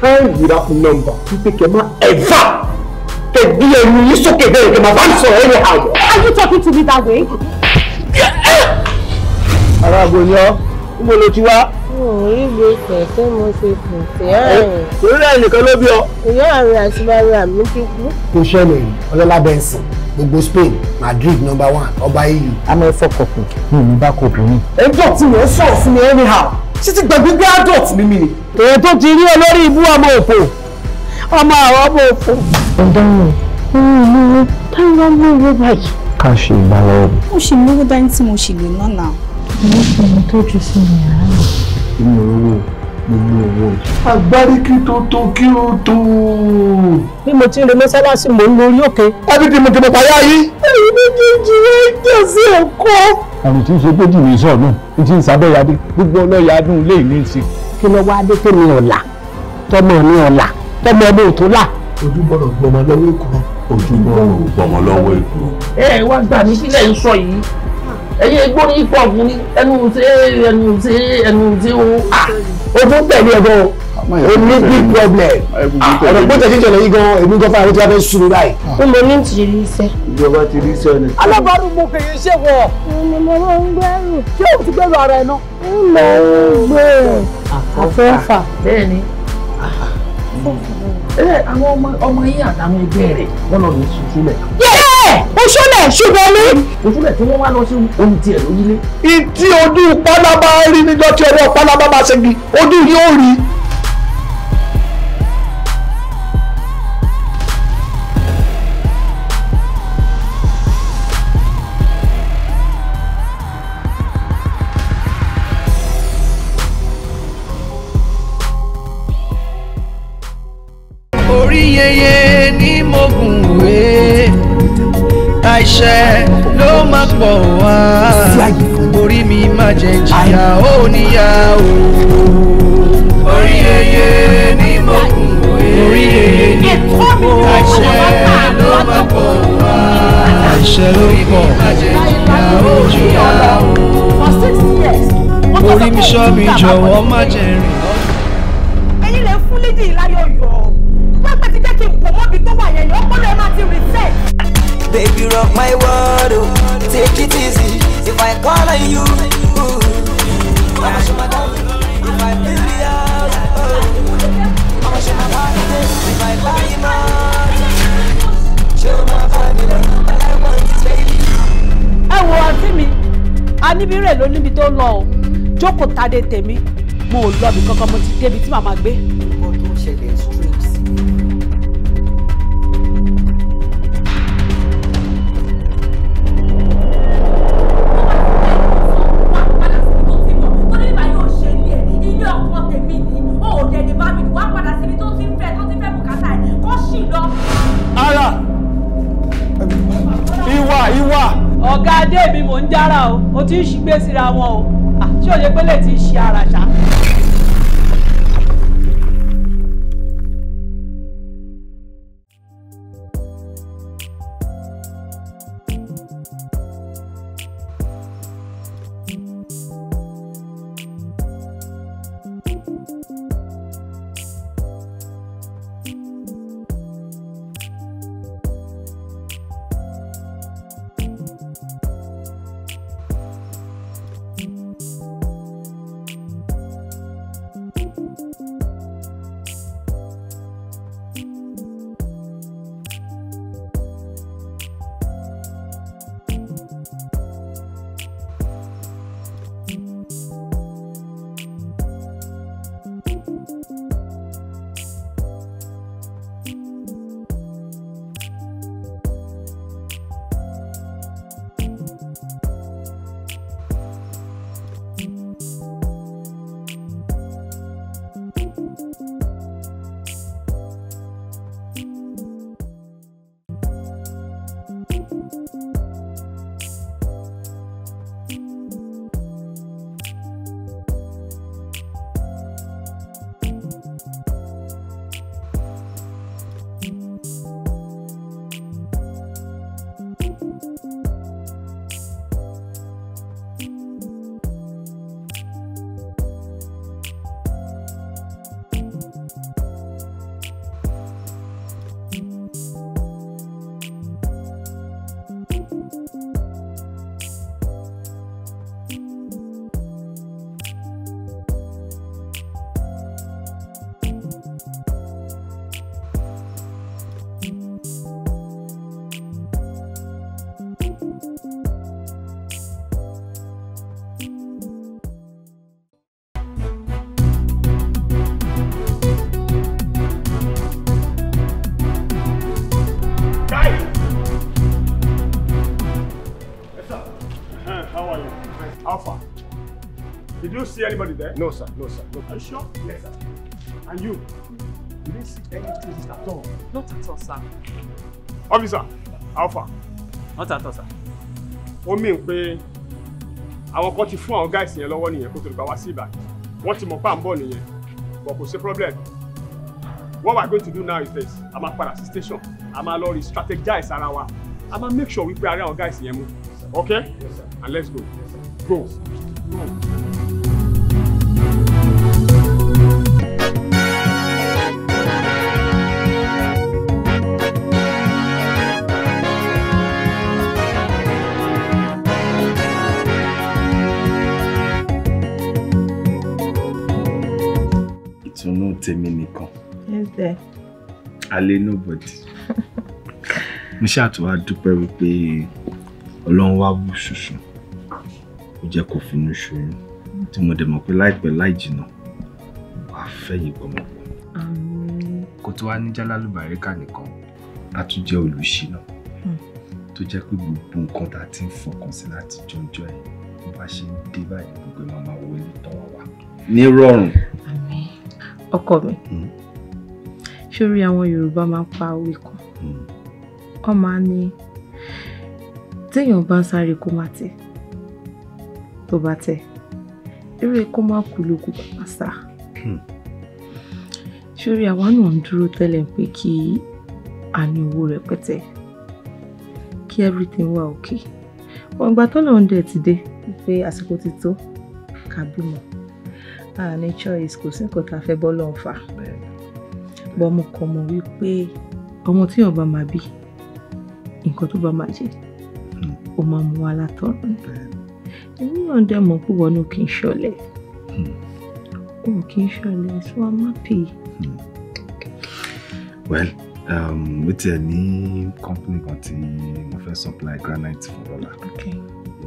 time without number wípé kẹ má ẹ̀fà kẹ bí ẹnu yìí sókè bẹ́ẹ̀ kẹ má bá ń sọ̀rọ̀ Are you talking to me that way? ara àgbòyàn níbo ló ti wá. orílẹ̀ èdè tí mo ṣe kù sí àárín. Eh, orílẹ̀ nìkan ló bí ọ. ìyá rẹ̀ àti bàbá mi ti kú. kò ṣẹlẹ̀ yìí ọlọ́lá benson gbogbo spain madrid number one ọba I'm e a máa ń fọkàn kù ní ìbákọ̀ obìnrin. ẹjọ́ tí mo so, fún anyhow ṣé ti gbàgbé pé adult ni mí ni. èyí tó ti rí olórí ibú ọmọ òfò ọmọ àwọn ọmọ òfò. ọ̀daràn ohun ìlú wo táwọn ọmọ ìwé báyìí. ká ṣe ìbálẹ̀ rẹ̀. ó ṣì lówó dání tí mo ṣì lè ná náà. mo ṣe ìtọ́jú sí ìyàrá mi. inú owó gbogbo òun agbáríkí tó tó kí ó tó. bí mo ti ń re mọ́sálásí mò ń lórí òkè. ẹbí tí mo ti mọ pàyà yìí. ẹyin méjèèjì rẹ ń jẹ sí ẹkọ. àrùn tí ń ṣe pé dìrì sọ̀nù ní ti ń sábẹ́ yadé gbogbo ọlọ́yà adùn lè ní sí. kí ló wá dé tèmi ọ̀la tọmọ mi ọ̀la tọmọ mi ò tó là. ojú gbọ́dọ̀ gbọmọ lọ́wọ́ èkó. ojú gbọ́dọ̀ gbọmọ lọ́wọ́ èkó. ẹ wá gbà mí sílẹ̀ ń sọ yìí ẹ̀yin egbò ní pọ̀ fún ẹnu ṣe ẹnu ṣe ẹnu ṣe ó o tún tẹ̀lé ẹ̀ gan o ní big problem ah, ọ̀nà pé tẹ̀sí ìṣẹ̀lẹ̀ yìí gan èmi gan fáwọn tí a fẹ́ sùn ní báyìí. n mo ní ti rí iṣẹ́. ìjọba ti rí iṣẹ́ ni. alábàárù mo fèrè ṣe wọ. ni mo máa ń gbẹ́rù. ṣé o ti gbẹ́rù ara ẹ ná. n mọ gbé àfẹ́fà. bẹ́ẹ̀ ni àwọn ọmọ yín àtàwọn ẹgbẹ́ rẹ̀ wọ́n lọ lè sùn sílẹ̀ oṣólẹ̀ oṣólẹ̀ ṣùgbọ́n mi. oṣólẹ̀ tí wọ́n wá lọ sí ohun tiẹ̀ lórílẹ̀. ìdí ojú pálábá rí níjọ́ tí ọwọ́ pálábá bá ṣe gbin ojú yóò rí iṣẹ́ ló má pọ̀ wá orí mi má jẹ jìyà ó níyàwó. orí yeye ni mo kún òye orí yeye ni mo kún òye iṣẹ́ ló má pọ̀ wá iṣẹ́ ló pọ̀ orí níyàwó. orí mi ṣọ́ mi jọ̀wọ́ má jẹ rìn. ẹ̀yin lè fún lédè ìlàyọ̀ Baby, rock my world, oh. take it easy. If I call on you, ooh. I'ma show my love. If I build oh. I'ma show my body, if I buy Show my family, I want is baby. Ẹ wo àǹtí mi, a níbi rẹ̀ ló níbi tó lọ o, jókòó tade tèmi, mo ò lọ bí kankan mo ti débi tí màmá gbé. síra wọn o ah, ṣé òye pé lè ti ṣe àràṣà see anybody there? No, sir. No, sir. No, Are you sure? Yes, sir. And you? You didn't see any traces at all? Not at all, sir. Officer, how far? Not at all, sir. What mì pé àwọn kan ti fún àwọn guys in your nìyẹn kó tó lè bá wa sí ìbàdàn. Wọ́n ti mọ̀ pé à But kò sí problem. What we're going to do now is this. A máa padà the station. A máa lọ re-strategize ara I'm going to make sure wípé a rí àwọn guys yẹn mú. Okay? Yes, sir. And let's go. Yes, sir. Go. Yes, sir. Go. tèmi nìkan. yes there. alẹ́ nobody. mo ṣàtúwá dúpẹ́ wípé ọlọ́run wá bù ṣùṣù ó jẹ́ kó finú ṣoyún tí mo dẹ̀ mọ̀ pé láìpẹ́ láì jìnnà wà á fẹ̀yìn gbọmọgbọ. kò tó wá ní jálálù bàríkà nìkan a tún jẹ́ olùṣínà hmm. tó jẹ́ pé gbogbo nǹkan tá a ti ń fọkàn sí láti jọjọ́ ẹ̀ bá ṣe ń dé báyìí gbogbo ẹ̀ máa wọlé tán wá. ní rọrùn ọkọ mi mm. sórí àwọn Yorùbá máa ń pa òwe kan mm. wọ́n máa ń ní téèyàn bá ń sáré kó má tẹ̀ tó bá tẹ̀ eré kó má kú lókù kó má sá mm. sórí àwa náà ń dúró tẹ́lẹ̀ pé kí a ní owó rẹpẹtẹ kí everything wà òkè wọn gba tọ́lọ̀ ń dẹ̀ ti dé pé àsìkò ti tó ká a ní choice kò sí nǹkan tá a fẹ́ bọ́ lọ́n fà bọ́ mo kọ́ mọ̀ wípé ọmọ tí ọba máa bí nǹkan tó bá máa jẹ ó máa mú wa látọ̀run èmi náà dẹ̀ mọ̀ pé wọnú kì í ṣọlẹ̀ o kì í ṣọlẹ̀ hmm. so i'm happy. Hmm. well um, mo tiẹ̀ ní company kan tí mo fẹ́ supply granite fún lọ́la mo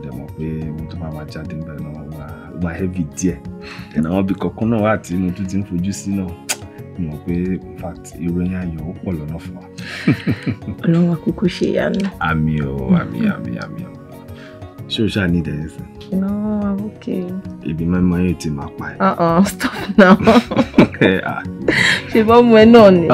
dẹ̀ mọ̀ pé ohun tó bá máa jáde ń bẹ̀rẹ̀ náà wà wà heavy díẹ̀ ẹ̀nà àwọn ibì kọ̀ọ̀kan náà wà tí mo tún ti ń fojú sí náà mo mọ̀ pé in fact ìròyìn ayọ̀ ó pọ̀ lọ́nà fún wa. ọlọ́wọ́ kúkú ṣe ìyanu. àmì o àmì àmì àmì o ṣé o ṣáà ní ìdẹ̀yẹ sí. no i'm okay. ibi mẹ́mọ́ yóò ti máa pa ẹ̀. Uh-uh, stop now. ṣe bọ́ mu ẹ náà ni.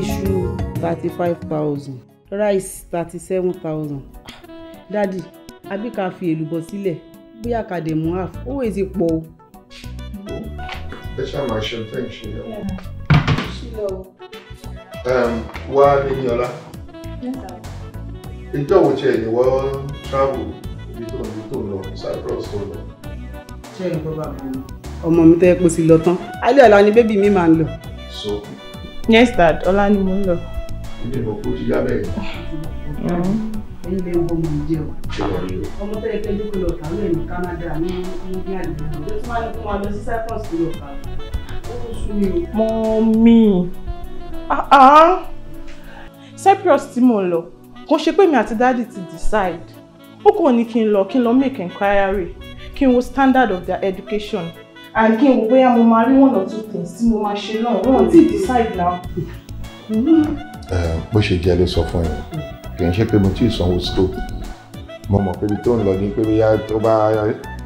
iṣu thirty five thousand rice thirty seven thousand dadi àbí ká fi èlùbọ́ sílẹ̀ bóyá ká dẹ̀ mú half owó èsì pọ̀ o. ẹ ṣáà máa ṣe tẹ́ ìṣe yẹn. wá níyìn ọlá ìjọ wo tiẹ̀ ni wọ́n travel ibi tó ń tó lọ Cyprus tó lọ. ṣé ẹ̀ ń bọ́ bàbá mi. ọmọ mi tẹ́ ẹ kó sí lọ tán alẹ́ ọ̀la ni bébì mi máa ń lọ. so yes dad Ola ni mo ń lọ. ilé ìwọ kò ti yá bẹ́ẹ̀. ilé ìwọ mi jẹ o ọmọ ah, ah. Cyprus kó mo lọ kò ṣe pé mi àti dáàdì ti decide ó kàn ní kí n lọ kí make inquiry kí wo standard of their education and kí n wo bóyá mo máa rí one or two things tí mo máa ṣe náà wọn ti decide now. bó ṣe jẹ́ ló sọ fún ẹ kì í ṣe pé mo ti sanwó stove mo mọ̀ pé ibi tó ń lọ ni pé bóyá tó bá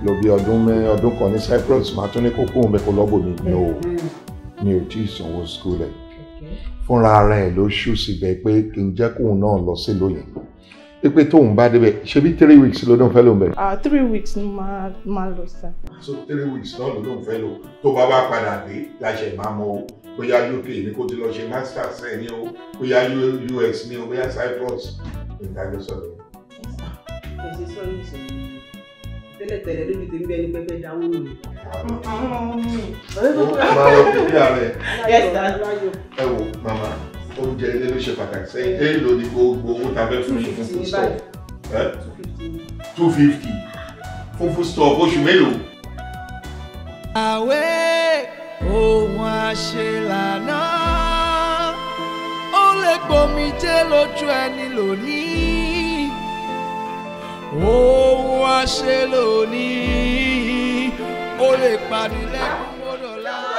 lọ bí ọdún mẹ́ ọdún kan ní Cyprus máa tún ní kókó òun bẹ́ẹ̀ kó lọ́bù mi ni o mi ò tí ì sanwó school ẹ̀ fúnra ara ẹ̀ ló ṣú síbẹ̀ pé kí n jẹ́ kóun náà lọ sílùú yẹn pé tóun bá débẹ̀ ṣe bí three weeks ló lóun fẹ́ lò Ah, three weeks ni máa máa lò sá. so three weeks náà ló lóun fẹ́ lò tó bá bá padà dé láṣẹ máa mọ o bóyá UK ni kó ti lọ ṣe masters ẹ̀ ní o bóyá US ní o bóyá Cyprus ìdájọ́ sọ̀rọ̀. ẹ̀sìn sọ́yìn sọ̀rọ̀ tẹ́lẹ̀tẹ́lẹ̀ lójú tèmi bẹ́ẹ̀ ni pẹ́pẹ́ dáwọ́ mi. máa lọ fi bí ara ẹ. ẹ wo màmá oúnjẹ ilé ló ṣe pàtàkì sẹ́yìn èèlò ni gbogbo owó ta fẹ́ fún ṣòfò fún stọọ two fifty fún fún stọọ oṣù mélòó. àwẹ̀ ohun àṣelànà ó lè gbomi jẹ́ lójú ẹni lónìí ohun àṣelónìí ó lè pani lẹ́kùn mọ́dọ̀ láwọn.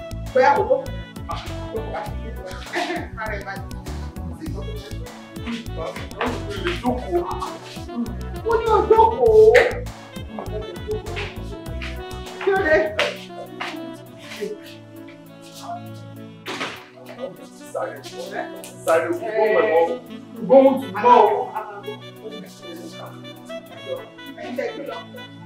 bóyá kò tó mo ní ọjọ́ kò ó kí ló dé. sáré kú bọ́ pẹ̀lú gbóhùn tó bọ́ ọ.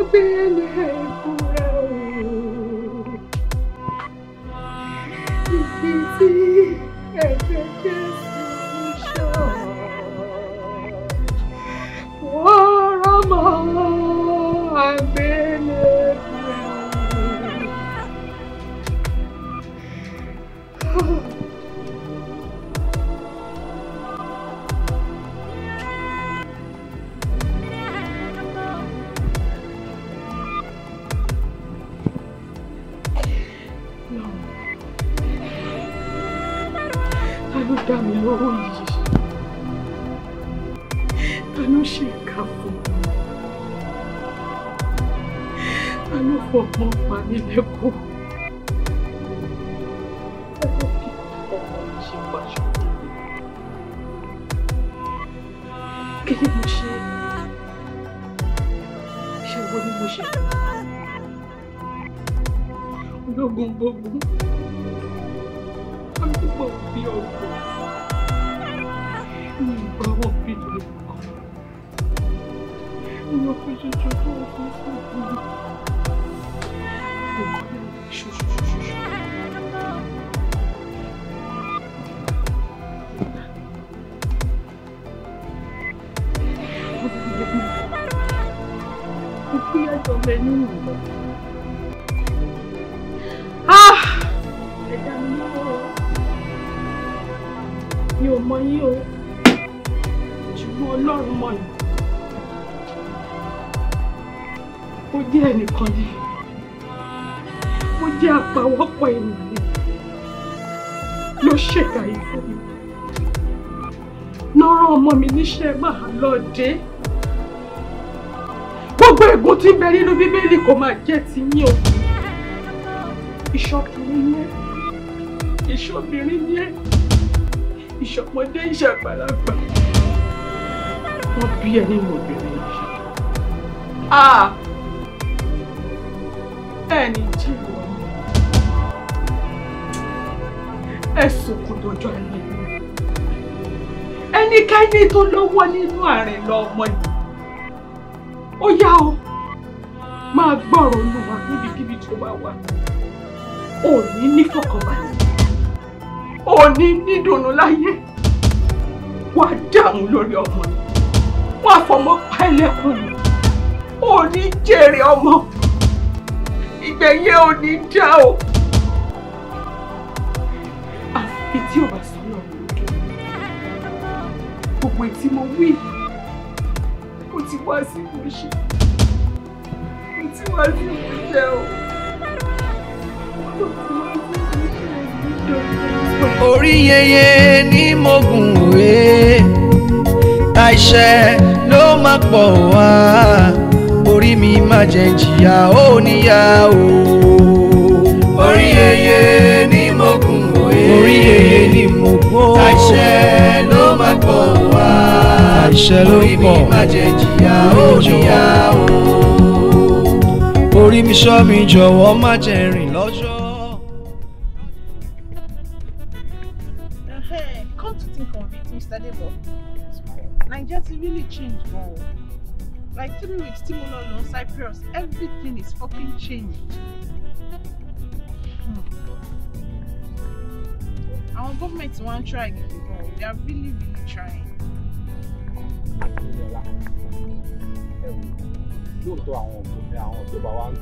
abandoned lọ́dẹ gbogbo ègún tí ń bẹ nínú bíbélì kò máa jẹ́ ti yín o ìṣọkùnrin yẹn ìṣọbìnrin yẹn ìṣọmọdé ìṣàgbàlagbà wọn bí ẹni mọ obìnrin yìí ẹni jí wọn ẹsùn kò dọjọ́ ayé mi ẹnikẹ́ni tó lọ́wọ́ nínú àárín lọ ọmọ yìí ó yá o máa gbọ́rọ̀ olúwa níbikíbi tó bá wà ò ní nífọ̀kànbalẹ̀ ò ní nídùnnú láyé wà á dààmú lórí ọmọ yìí wọ́n á fọmọ pa ẹlẹ́kùn yìí ò ní jèrè ọmọ ìgbẹ̀yẹ ò ní dá o. gbogbo èyí tí mo wí ó ti wá sí ìmúṣẹ ó ti wá sí ìmúṣẹ o orí yeye ni mo gùn wé àìṣẹ ló máa pọ̀ wá orí mi máa jẹ jìyà ó níyà orí yeye ni mo gùn wé orí yeye ni mo gbó àìṣẹ ló máa pọ̀ wá àṣẹ ló pọ̀ orí mi má jẹ́ jìyà ó orí mi ṣọ́ mi jọ̀wọ́ má jẹ́ rìn lọ́jọ́. come to think of it Mr. Debo Naija really change like three weeks tí mo lọ lọ everything is fucking changed. Hmm. àwọn gómìnà tí wọ́n ń try gidi gan o they are really really trying ìnira ẹ̀rù lóòótọ́ àwọn ọ̀gbọ̀n àwọn ọ̀ṣọ́ba wa ń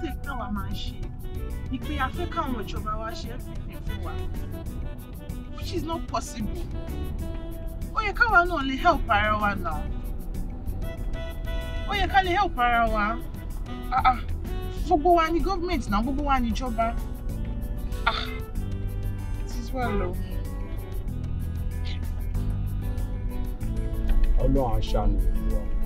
mistake táwa máa ń ṣe ni pé a fẹ́ káwọn ìjọba wa ṣe everything fún wa which is not possible ó yẹ káwa náà lè help ara wa now ó yẹ ká lè help ara wa ah ah gbogbo wa ni government náà gbogbo wa ni ìjọba ah it is well ọlọ́run aṣáájú ìlú wa.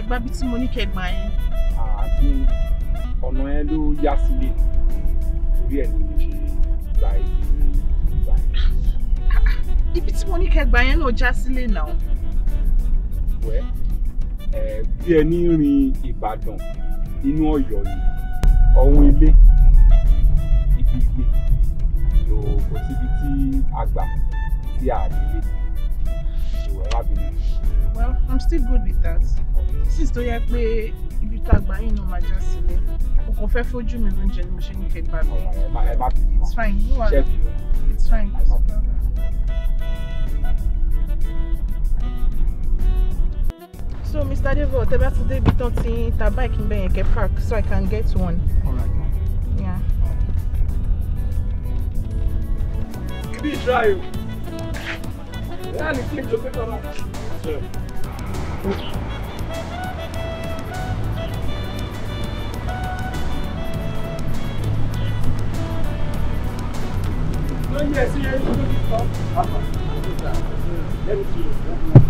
ẹ gbà bí mo ní kẹ́ gbà àti ọ̀nà ẹ ló yá sílé torí ẹ̀ ní mo ṣe gba ibi tí mo ní kẹ́ yẹn náà já sílé náà. wẹ́ ẹ bí ẹni rin Ìbàdàn inú Ọ̀yọ́ ni ọ̀hún ilé ibi ilé so kò síbi tí a gbà tí a nílé so arábìnrin. Well, I'm still good with that since tó yẹ pé ibi tá a gbà yín náà máa já sílẹ̀ o kò fẹ́ fojú mi lóúnjẹ ni mo ṣe ní kẹ́ gbà it's fine no worry it's fine. so mr devo tẹ bá ti débi tán tí ta bike ń bẹ yẹn kẹ́ park so i can get one. All right. yeah. Be try you. Yeah, you click Yes, yes, yes.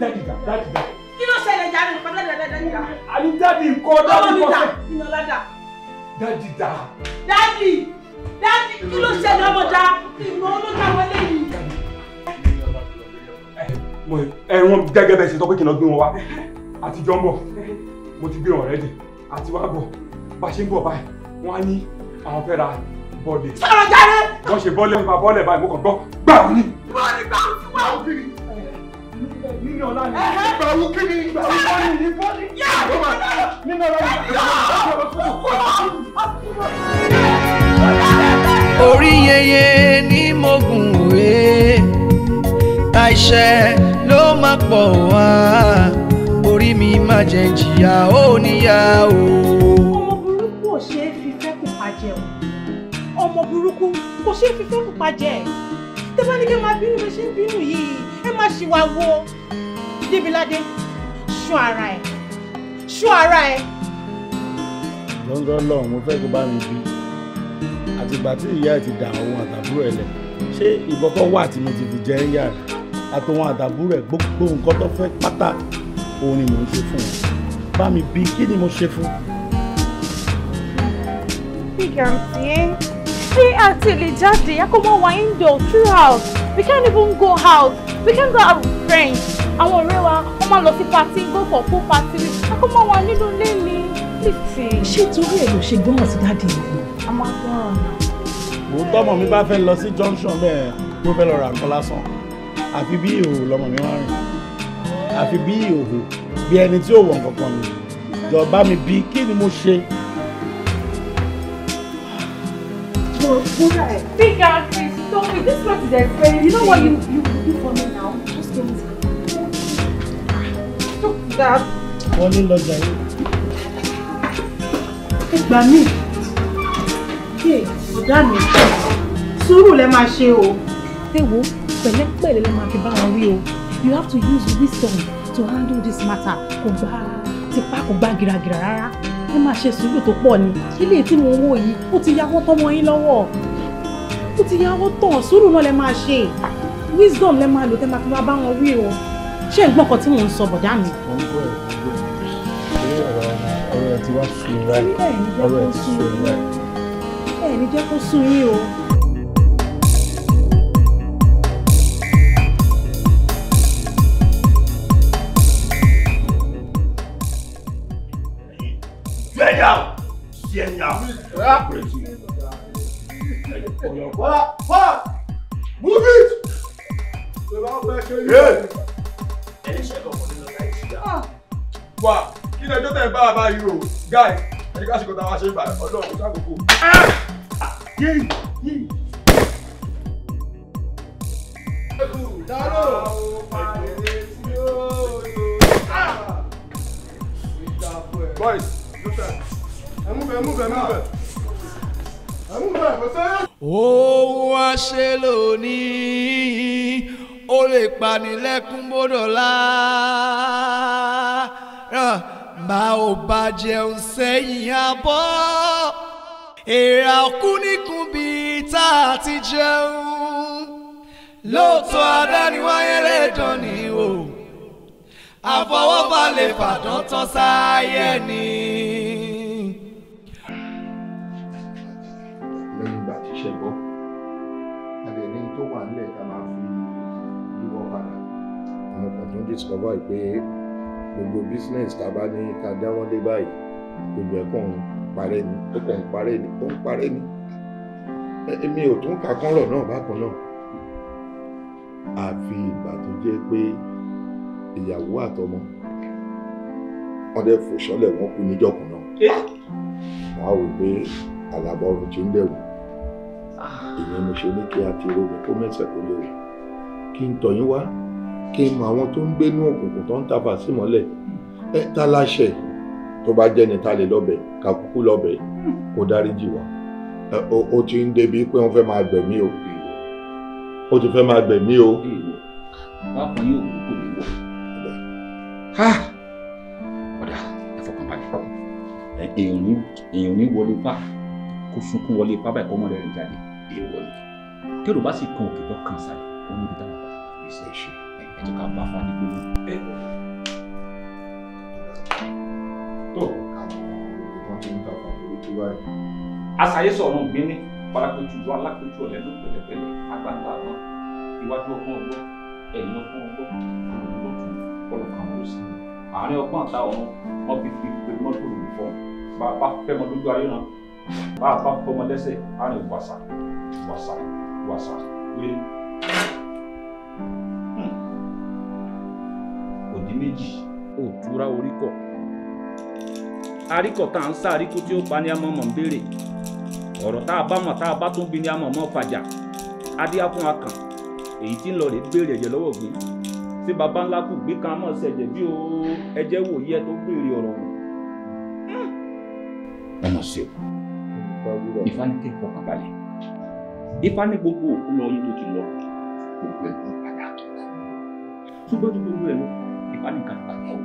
dáàdì dà dáàdì dà. kí ló ṣẹlẹ̀ jáde nípa dáàdì da àní dáàdì nǹkan dáàdì kọ́ sẹ́. ìnàlá dà. dáàdì dà. dáàdì dáàdì kí ló ṣẹlẹ̀ ọmọ dà ìmọ̀ olójà wọlé yìí. ẹ eh, eh, wọn gẹ́gẹ́ bẹ́ẹ̀ ṣe tọ́ pé kí n lọ gbé wọn wá àtijọ́ ń bọ̀ mo ti gbé wọn rẹ́dì àti wá bọ̀ bá ṣe ń bọ̀ báyìí wọ́n á ní àwọn fẹ́ ra bọ́ọ̀lì. sọ̀rọ̀ jáde. wọ́n ṣe bọ́ọ̀lì nípa bọ́ọ̀lì báyìí mo kàn gbọ́ gbàù ni. bọ́ọ̀lì gbàù ti wá òkìrì ní ọ̀la ni. ìgbà wo kí ni ìgbà wo kọ́ ni ìbọn ni. ó máa ní mo lọ rí. orí yeye ni mo gùn wé àìṣẹ ló máa pọ̀ wá orí mi máa jẹ́ jìyà ó níyà o. ọmọ burúkú ò ṣeé fi fẹ́ kó pa jẹ o ọmọ burúkú kò ṣeé fi fẹ́ kó pa jẹ tẹ́fẹ́ máa bínú bẹ́ẹ̀ ṣe ń bínú yìí ẹ máa ṣìwà wo Débíládé ṣọ́ ara ẹ̀ ṣọ́ ara ẹ̀. lọ́ńdọ́ lọ́hùn mo fẹ́ kó bá mi bí àtìgbà tí ìyá ẹ̀ ti dà òun àtàbúrò ẹ̀ lẹ̀ ṣé ìbọ̀kọ́ wà tí mo ti fi jẹ́ ń yà rẹ̀ àtàbúrò ẹ̀ gbogbo nǹkan tó fẹ́ pátá òun ni mò ń ṣe fún un bá mi bí kí ni mo ṣe fún un big auntie, eh? Hey, Auntie Lijati, I come on, we're indoor throughout. We can't even go house. We can't go out with friends àwọn ọ̀rẹ́ wa wọ́n máa lọ sí pati go for pool party akó mọ́ wa nínú ilé mi títì. ṣé torí ẹ̀ ló ṣe gbọ́n sí dáàdi yìí. a máa fẹ́ràn náà. òótọ́ ọmọ mi bá fẹ́ lọ sí junction bẹ́ẹ̀ ló fẹ́ lọ ra nǹkan lásán àfi bí ìhòòhò lọmọ mi wá rìn àfi bí ìhòòhò bí ẹni tí ò wọ̀ nǹkan mi jọ mi bí kí ni mo ṣe. Big ass, stop it. This place is expensive. You know what you, you, you do for me now? Just don't wọlé lọ́jà yìí. ẹ gbà mí ọ̀dà mi sùúrù lẹ máa ṣe o. ẹ wo pẹ̀lẹ́pẹ̀lẹ́ lẹ máa fi bá wọn wí o you have to use wisdom to handle this matter kò gba tipa kò gba gìràgìrà rárá ẹ máa ṣe sùúrù tó pọ̀ ni ilé tí mo wò yìí ó ti yáwọ́ tọ́mọ yín lọ́wọ́ ó ti yáwọ́ tọ̀ sùúrù náà lẹ máa ṣe wisdom lẹ máa lò tẹ máa fi máa bá wọn wí o ṣé ń gbọ́n kan tí mò ń sọ bọ̀dá mi. ọ̀rọ̀ ẹ̀ ti wá sùn báyìí ọ̀rọ̀ ẹ̀ ti sùn báyìí. ẹ̀ jẹ́ kó sùn yín o. Venha! Venha! Rápido! Bora! Bora! Move it! wà kí ni ọjọ́ tẹ̀ bá bá yìí o guy ẹni ká ṣèkọ́ta wá ṣe ń bà ọdún ṣàkókò. dáró pàdé lónìí ó lè pani lẹ́kún bọ́dọ̀ la máa ò bàjẹ́ sẹ́yìn abọ́ èrà kúnníkun bíi tá a ti jẹun lóòótọ́ adániwáyé lè dán ni o àfọwọ́fà lè fàdán tán sáyé ni. lẹ́yìn ìgbà tí ṣẹ́gbọ́ alẹ́ ní tó wà nílẹ̀ ká máa fi yíwọ́ padà. àwọn kan tó ń discover pé gbogbo business tá a bá ní ká dáwọ́ lé báyìí gbogbo ẹ̀ kàn ń parẹ́ ni ó kàn ń parẹ́ ni ó ń parẹ́ ni èmi ò tún ka kọ́rọ̀ náà bákan náà àfi ìgbà tó jẹ́ pé ìyàwó àtọmọ wọn dẹ fòṣọlẹ wọn kú níjọkùn náà wọn á wò pé alábọrun ti ń dẹwù ah. ìyẹn mo ṣe ní kí a ti ro mi kó mẹsẹ tó léwu kí n tọyín wá kí n mọ àwọn tó ń gbénú òkùnkùn tó ń tafà sí mọ́lẹ̀ ẹ ta láṣẹ tó bá jẹ́ni ta lè lọ́bẹ̀ ká kúkú lọ́bẹ̀ kó dáríjì wá o ti ń débi pé wọ́n fẹ́ máa gbẹ̀mí o o ti fẹ́ máa gbẹ̀mí o. báwo ni òkú kò ní wọ. ọ̀dà ẹ fọkàn balẹ̀ èèyàn ní wọlé pa kó sunkún wọlé pa báyìí kọ́ mọ́ lẹ́rìn jáde èèwọ̀ ni kí ló bá sì kan òkè tó kàn sáré ó ní bí táwọn bá ṣe é ṣe jẹ́ ká bá fa nígbò náà. tó àwọn tí ń ta fún orí tó báyìí. àṣàyè sọ̀rọ̀ gbẹ́ni parapetu ju alápẹ̀jù ọ̀lẹ́nu pẹ̀lẹ́pẹ̀lẹ́ agbára àwọn iwájú ọgbọ́n ọgbọ́n ẹ̀yìn ọgbọ́n ọgbọ́n olùdókòtò ọlọ́kàn àwọn òsì àárín ọgbọ́n àta ọ̀run wọn fi fi pé mọ́tò lù fọ́ bá fẹ́ mọ lójú ayé náà bá a bá fọmọ lẹ́sẹ̀ àárín wàsà wàsà wàsà wíwí. ní méjì òtúrá orí kọ̀ aríkọ̀ tá à ń sá aríkú tí ó pa ní amọ̀mọ̀ ń béèrè ọ̀rọ̀ tá a bá mọ̀ tá a bá tún bí ní amọ̀mọ̀ fàjà adíákùn akàn èyí tí ń lọ rè béèrè ẹ̀jẹ̀ lọ́wọ́ gbé tí baba ńlá kù gbé kan mọ̀ ṣẹ̀jẹ̀ bí o ẹjẹ́ wò yẹ tó béèrè ọ̀rọ̀ wọn. ọmọ sí o ifá ní kẹ́kọ̀ọ́ kan balẹ̀ ifá ní gbogbo òkú lọ yín tó ti lọ gbogbo ẹ̀ ló padà tó ṣùgbọ́n gbogbo Ifá nìkan bàjẹ́ o.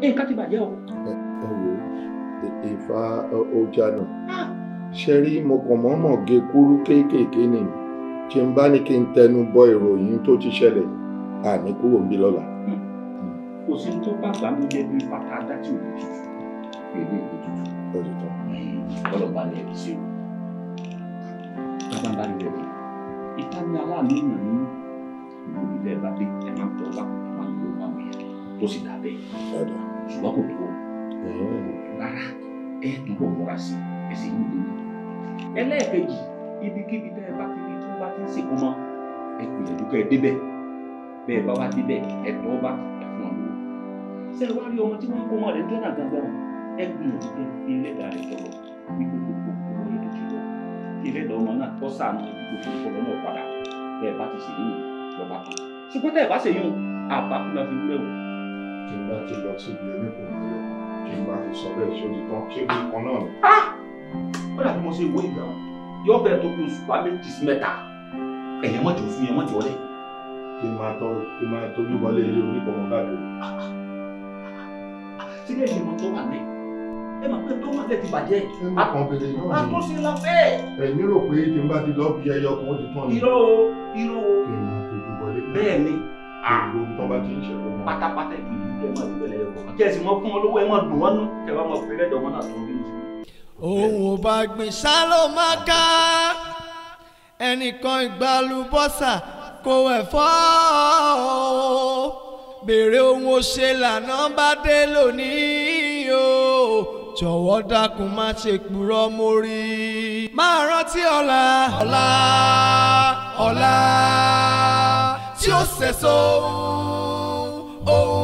Nǹkan ti bàjẹ́ o. Ẹ wo Ifá ọjà náà. Ah. Ṣé rí mo kàn mọ́mọ́ gé kúrú kéékèèké ni kí n bá ní kí n tẹnu bọ ìròyìn tó ti ṣẹlẹ̀ àní kúrò ń bí lọ́la. Hmm. Kò sí tó bá bá mi jẹ́ bí pátá adájú òde tuntun. Èdè òde tuntun. Òde tán. Ọlọ́ba ni ẹ̀rí sí o. Bàbá ń bá mi rẹ̀ Ifá ní aláàánú ìrìn ní ìlú ìlẹ̀ bá dé ẹ̀ máa ń tọ́ bá kú kó sì dà bẹ́ẹ̀ ṣùgbọ́n kò tó rárá ẹ túbọ̀ múra sí ẹ sì wúlò ní. ẹlẹ́ẹ̀kejì ibikíbi tẹ́ ẹ bá ti rí tí wọ́n bá ti ń sìnkú mọ́ ẹ kò yẹ̀dú kẹ́ ẹ débẹ̀ bẹ́ẹ̀ bá wá débẹ̀ ẹ tọ́ bá ẹ fún ọ lówó. ṣé ẹ wá rí ọmọ tí wọ́n ń kó mọ́ rẹ̀ jọ́nà gangan ẹ gbìyànjú kẹ́ ẹ fi ẹlẹ́dàá rẹ̀ tọrọ gbogbo owó yẹn ti lọ kí ẹlẹ́dàá ọmọ náà tọ́ sàánú tí n bá ti lọ síbi oníkùnrin rẹ̀ tí n bá ti sọ bẹ́ẹ̀ ṣó ti tán ṣé bí kan náà ni. ó dàbí mo ṣe wo ìgbà wọn yóò bẹ̀rẹ̀ tó bí oṣù bá méjì sí mẹ́ta ẹ̀yẹ mọ̀ jù fún yẹn mọ̀ jù ọlẹ́. kí n máa tọ́ kí n máa tọ́jú bọ́lé ilé oníkọ̀ọ́mọ káàkiri. sílẹ̀ ìlú tó wà ní ẹ máa pẹ́ tó máa tẹ̀ ti bàjẹ́. ẹ má kàn bèrè náà ni àtúnṣe la fẹ́. ẹ̀mí rò pé tí n bá ti lọ́ọ́ bí ẹyọ kan ti tán ni. irọ́ o irọ́ o. kí n máa tọ́jú bọ́lé. bẹ́ẹ̀ ni. gbogbo tó bá ti ń ṣẹ̀kọ́ pátápátá ìpínlẹ̀ kẹ́ máa dúpẹ́ lẹ́yọ̀ kọ̀ọ̀kan kí ẹ sì mọ fún wọn lówó ẹ máa dùn wọn nú kẹ́ bá máa pè lẹ́jọ́ wọn ká ẹnìkan ìgbàlúbọ́sà kò ẹ̀fọ́ béèrè ohun ò lànà bá dé lónìí o jọ̀wọ́ dákun má ṣe purọ́ mórí. máa rántí ọ̀la ọ̀la ọ̀la tí ó ṣẹ̀ṣọ́ ohun.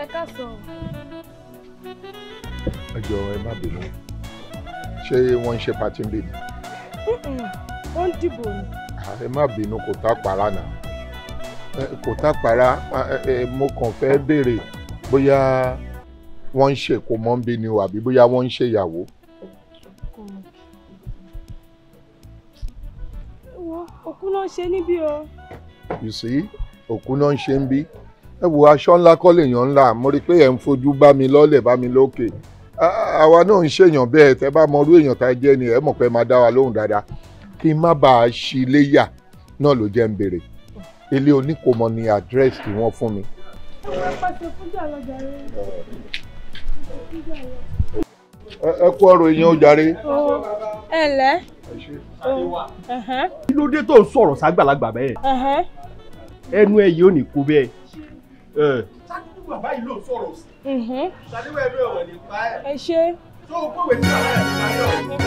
ẹ káàsán. ẹ jọ ẹ má bínú ṣé wọ́n ń ṣe pati ń bì ní. wọ́n ń dìbò ni. Ah, ẹ má bínú kò tá para nà kò tá para mo kàn fẹ́ béèrè bóyá wọ́n ń ṣe kò mọ́ ń bí ni o àbí bóyá wọ́n ń ṣe ìyàwó. òkú náà ń ṣe níbí o. you see òkú náà ń ṣe ń bí ẹ wo aṣọ ńlá kọ́ lèèyàn ńlá mo rí i pé ẹ̀ ń fojú bá mi lọ́lẹ̀ bá mi lókè àwa náà ń ṣèyàn bẹ́ẹ̀ tẹ́ bá mọrú èèyàn tá a jẹ́ ni ẹ̀ mọ̀ pé máa dá wa lóhùn dáadáa kí n má bàa ṣí léyà náà ló jẹ́ ń béèrè ilé oníkòmọ ni address tí wọ́n fún mi. ẹ kú ọ̀rọ̀ èèyàn ó jàre. ẹ ǹlẹ́. kí ló dé tó ń sọ̀rọ̀ ságbàlagbà bẹ́ẹ̀ ẹnu ẹ̀yìn ò ní kú bẹ́ẹ̀ sádùkú bàbá yìí mhm. nípa ẹ̀. ẹ ṣe. tó o kọ̀wé sí àwọn ẹ̀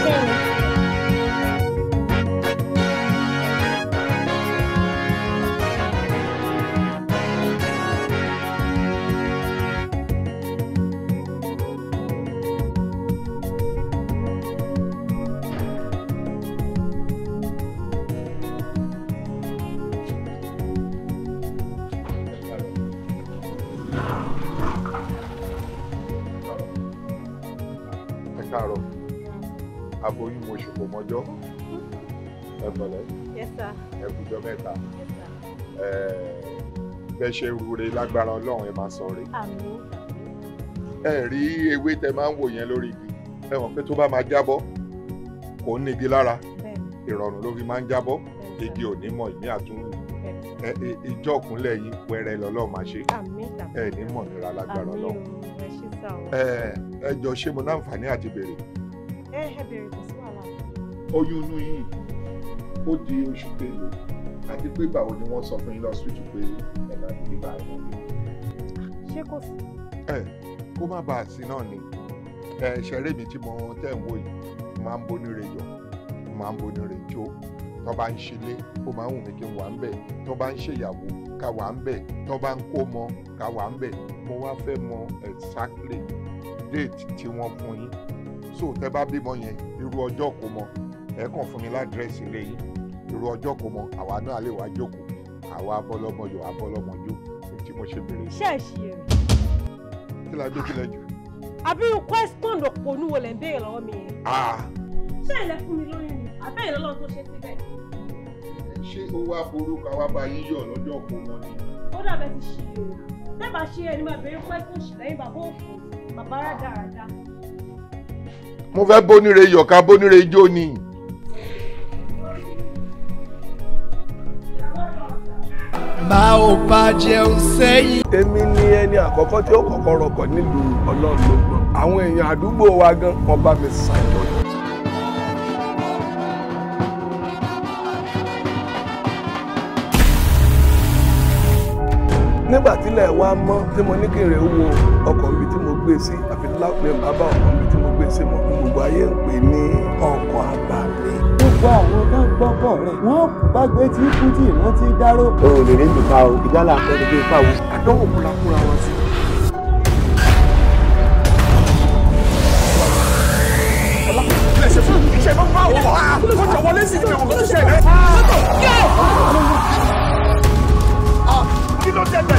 aboyún mo ṣòfò mọ́jọ́ ẹ pẹ̀lẹ́ ẹ kújọ mẹ́ta bẹ́ ṣe rure lágbára ọlọ́run ẹ máa sọ rè ẹ rí ewé tẹ máa ń wò yẹn lórí igi ẹ mọ̀ pé tó bá máa jábọ́ kò ń nigi lára ìrọ̀rùn ló fi máa ń jábọ́ igi ò ní mọ̀ ìmí àtúnú ìjọkùnlẹ̀ yín pẹ̀rẹ̀ lọ́lọ́ máa ṣe ẹ ní mọ̀ nira lágbára ọlọ́run ẹ jọ ṣé mo náà ń fà ní àti bèrè ẹ ẹ bẹ̀rẹ̀ kò sí wàhálà. oyún inú yìí ó di oṣù kẹlò àti pé báwo ni wọ́n sọ fún yín lọ́sítútù pé ẹ máa ní bíbá ẹ̀ lọ́wọ́. ṣé kò sí. ẹ kó má bàa sí náà ni ẹ ṣẹ̀rẹ́ mi tí mo tẹ̀ ń wò yìí máa ń bonire yọ máa ń bonire jó tó bá ń ṣílé ó máa ń wù mí kí n wà ń bẹ̀ tó bá ń ṣèyàwó ká wà ń bẹ̀ tó bá ń kó mọ ká wà ń bẹ̀ mo wá fẹ́ mọ exactly date tí wọ́n fún yín so tẹ bá bímọ yẹn irú ọjọ́ kò mọ ẹ kàn fún mi ládírẹ́sì ilé yìí irú ọjọ́ kò mọ àwa náà lè wá jókòó àwa abọ́lọ́mọ yọ abọ́lọ́mọ jó tí mo ṣe bèrè. ṣẹ́ẹ̀ṣì rẹ̀. kí la dé kí lẹ jù. àbí question òpònú wo lẹ ń béèrè lọ́wọ́ mi ṣé ẹ fún mi lóyún ni àbẹ́yẹ lọ́lọ́run tó ṣe síbẹ̀. ṣé o wá forúkọ àwa bá yíyọ lọ́jọ́ kò mọ ni. ó dàbẹ̀ ti ṣe é o dábàá ṣe ẹni máa béèrè question ṣì lẹ́yìn bàbá òfò bàbá rádaràda mo fẹ́ bónire yọ̀ká bónire jó ni. bá ò bá jẹun sẹ́yìn. èmi ni ẹni àkọ́kọ́ tí ó kọ́kọ́ rọkọ̀ nílùú ọlọ́run àwọn èèyàn àdúgbò wa gan wọ́n bá mi ṣàjọyọ̀. tílẹ̀ wá mọ́ tí mo ní kí n rè wo ọkọ̀ níbi tí mo gbé sí àfi lápẹ́ bàbá ọkọ̀ níbi tí mo gbé sí mọ́ gbogbo ayé ń pè ní ọkọ̀ abàmì. gbogbo àwọn tó ń gbọ́kọ̀ rẹ̀ wọ́n bá gbé tí kú tí wọ́n ti dárò. o ò lè rí mi pa o ìjálá ẹni bíi fáwọn. àdánwò kúra kúra wọn sí. ọlá ilé ṣe bá wọ̀ wá. ó jọ wọlé sí ìjọba òṣìṣẹ́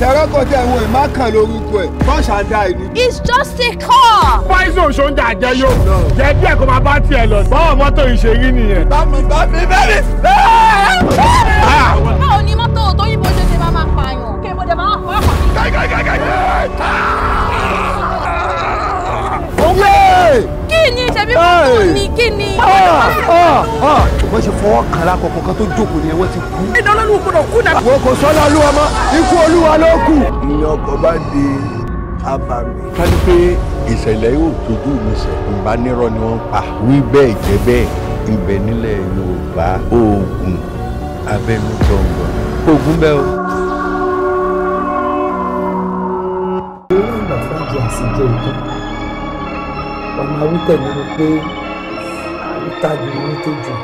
tẹ̀rọ́kọ̀ tẹ̀ wo má kàn lórúkọ ẹ̀ bọ́ọ̀ṣà da ìlú. it's just a car. fáìsì òṣòǹdà àjẹ yóò jẹ díẹ̀ kó máa bá tiẹ̀ lọ báwọn mọ́tò ìṣèyí nìyẹn. bámi bámi bẹ́ẹ̀ni. Ah! báwo ni mọ́tò tóyìnbó ṣe ṣe máa máa pààyàn kí mo dẹ̀ máa fọ́ ọkọ̀ mi. òwe kí ni ṣebí fọ́tò ni kí ni. wọ́n ṣe fọwọ́ kàrà kọ̀ọ̀kan kan tó jókòó ni ẹwọ́n ti kú. iná olólùwọ̀ gbọ́dọ̀ kú náà. wọ́n kò sọ́lá olúwa mọ́ ikú olúwa ló kù. ni ọkọ̀ bá di abàmì. ká ní pé ìṣẹ̀lẹ̀ yóò tójú mi sẹ̀. ìbánirọ̀ ni wọ́n pa. wí bẹ́ẹ̀ jẹ́ bẹ́ẹ̀ ibẹ̀ nílẹ̀ Yorùbá oògùn abẹ́nú gbọ̀ngàn oògùn bẹ́ẹ̀ o. ìgbà fún àjọ àṣìjọ ìtàn ọmọ awítẹ̀ mi ni pé àwítàjú ní tó jù.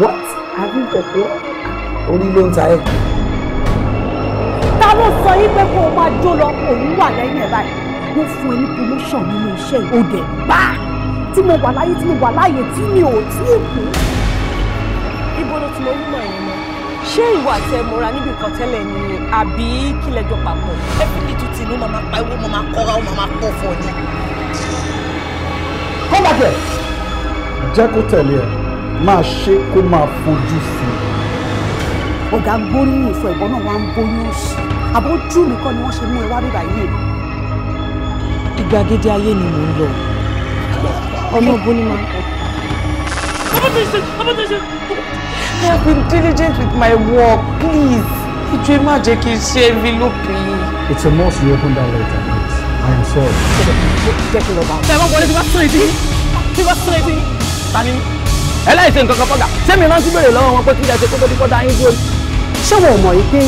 what àwítẹ̀kọ́ orí ló ń ta ẹ̀. ta ló sọ yín pé kó o máa jó lọ òun wà lẹ́yìn ẹ̀ báyìí wọ́n fún ẹ ní promotion nínú iṣẹ́ ìhòdẹ̀ bá tí mo wà láyé tí mo wà láyé tí mi ò tí ì kú. ibo ló ti mọ wúmọ̀ yẹn mọ́ ṣé ìwà tẹ mọ́ra níbi kan tẹ́lẹ̀ ni àbí kílẹ̀ jọ papọ̀ ẹ fi ní tutù inú màmá pa ewu màmá kọ́ra ó màmá pọ̀ fọ̀ ni come back here. jẹ́ kó tẹ̀lé ẹ máa ṣe kó máa fojú sí i. ọ̀gá gbóríyìn fún ẹ̀gbọ́n náà wá ń bóyún òsì àbójú mi kọ́ ni wọ́n ṣe mú ẹ wá bíbá yìí. ìgbàgede ayé ni mò ń lọ ọmọ ogun ni màá kọ. I have been diligent with my work, please. Ìjọ ẹ má jẹ́ kí n me? envelope It's a must you open that letter, please. I am sorry. Jẹ́ kí n lọ bá wọn. Ṣé ẹ bá wọlé tí wọ́n sọ̀rọ̀ ìdí? Tí wọ́n sọ̀rọ̀ ìdí? Ta ni? Ẹlẹ́sìn nǹkan kan fọ́gà. Ṣé mi rántí béèrè lọ́wọ́ wọn pé kí ẹ ṣe kó tó di kọ́dá yín dúró? Ṣé wọn ò mọ̀ yìí pé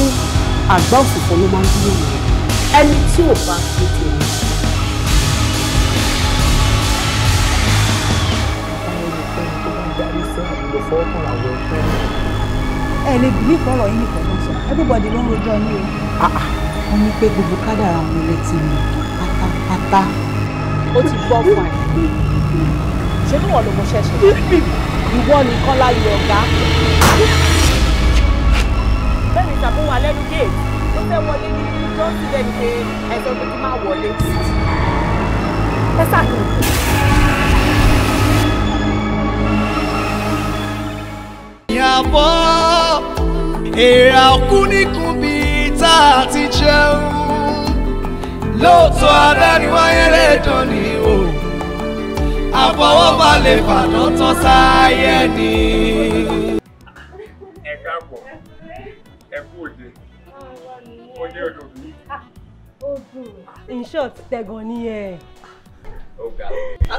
àgbá òfìfo nìkan ló sọ. Everybody ló ń rojọ́ ní o. Wọ́n ní pé gbogbo kádàrà wọn létí mi pátápátá. ó ti gbọ́ fún ẹ ṣé bí wọ́n ló mọ ṣẹ̀ṣẹ̀ ìwọ nìkan láyé ọ̀gá. bẹ́ẹ̀ ni wà lẹ́nu géètì ó fẹ́ wọlé ní tó ń tilẹ̀ ní ẹ̀sọ́ tó ti máa wọlé. ẹ ṣàkíyèsí. ìyàbọ̀ èrè àkúnníkùn tá a ti jẹun lóòótọ́ adániwáyé lẹ́dàn ni o àfọwọ́balẹ̀ fàdán tán sáyé ni. ẹ káàbọ̀ ẹ kú òde òde òdò mi. in short tẹ̀gàn ni ẹ.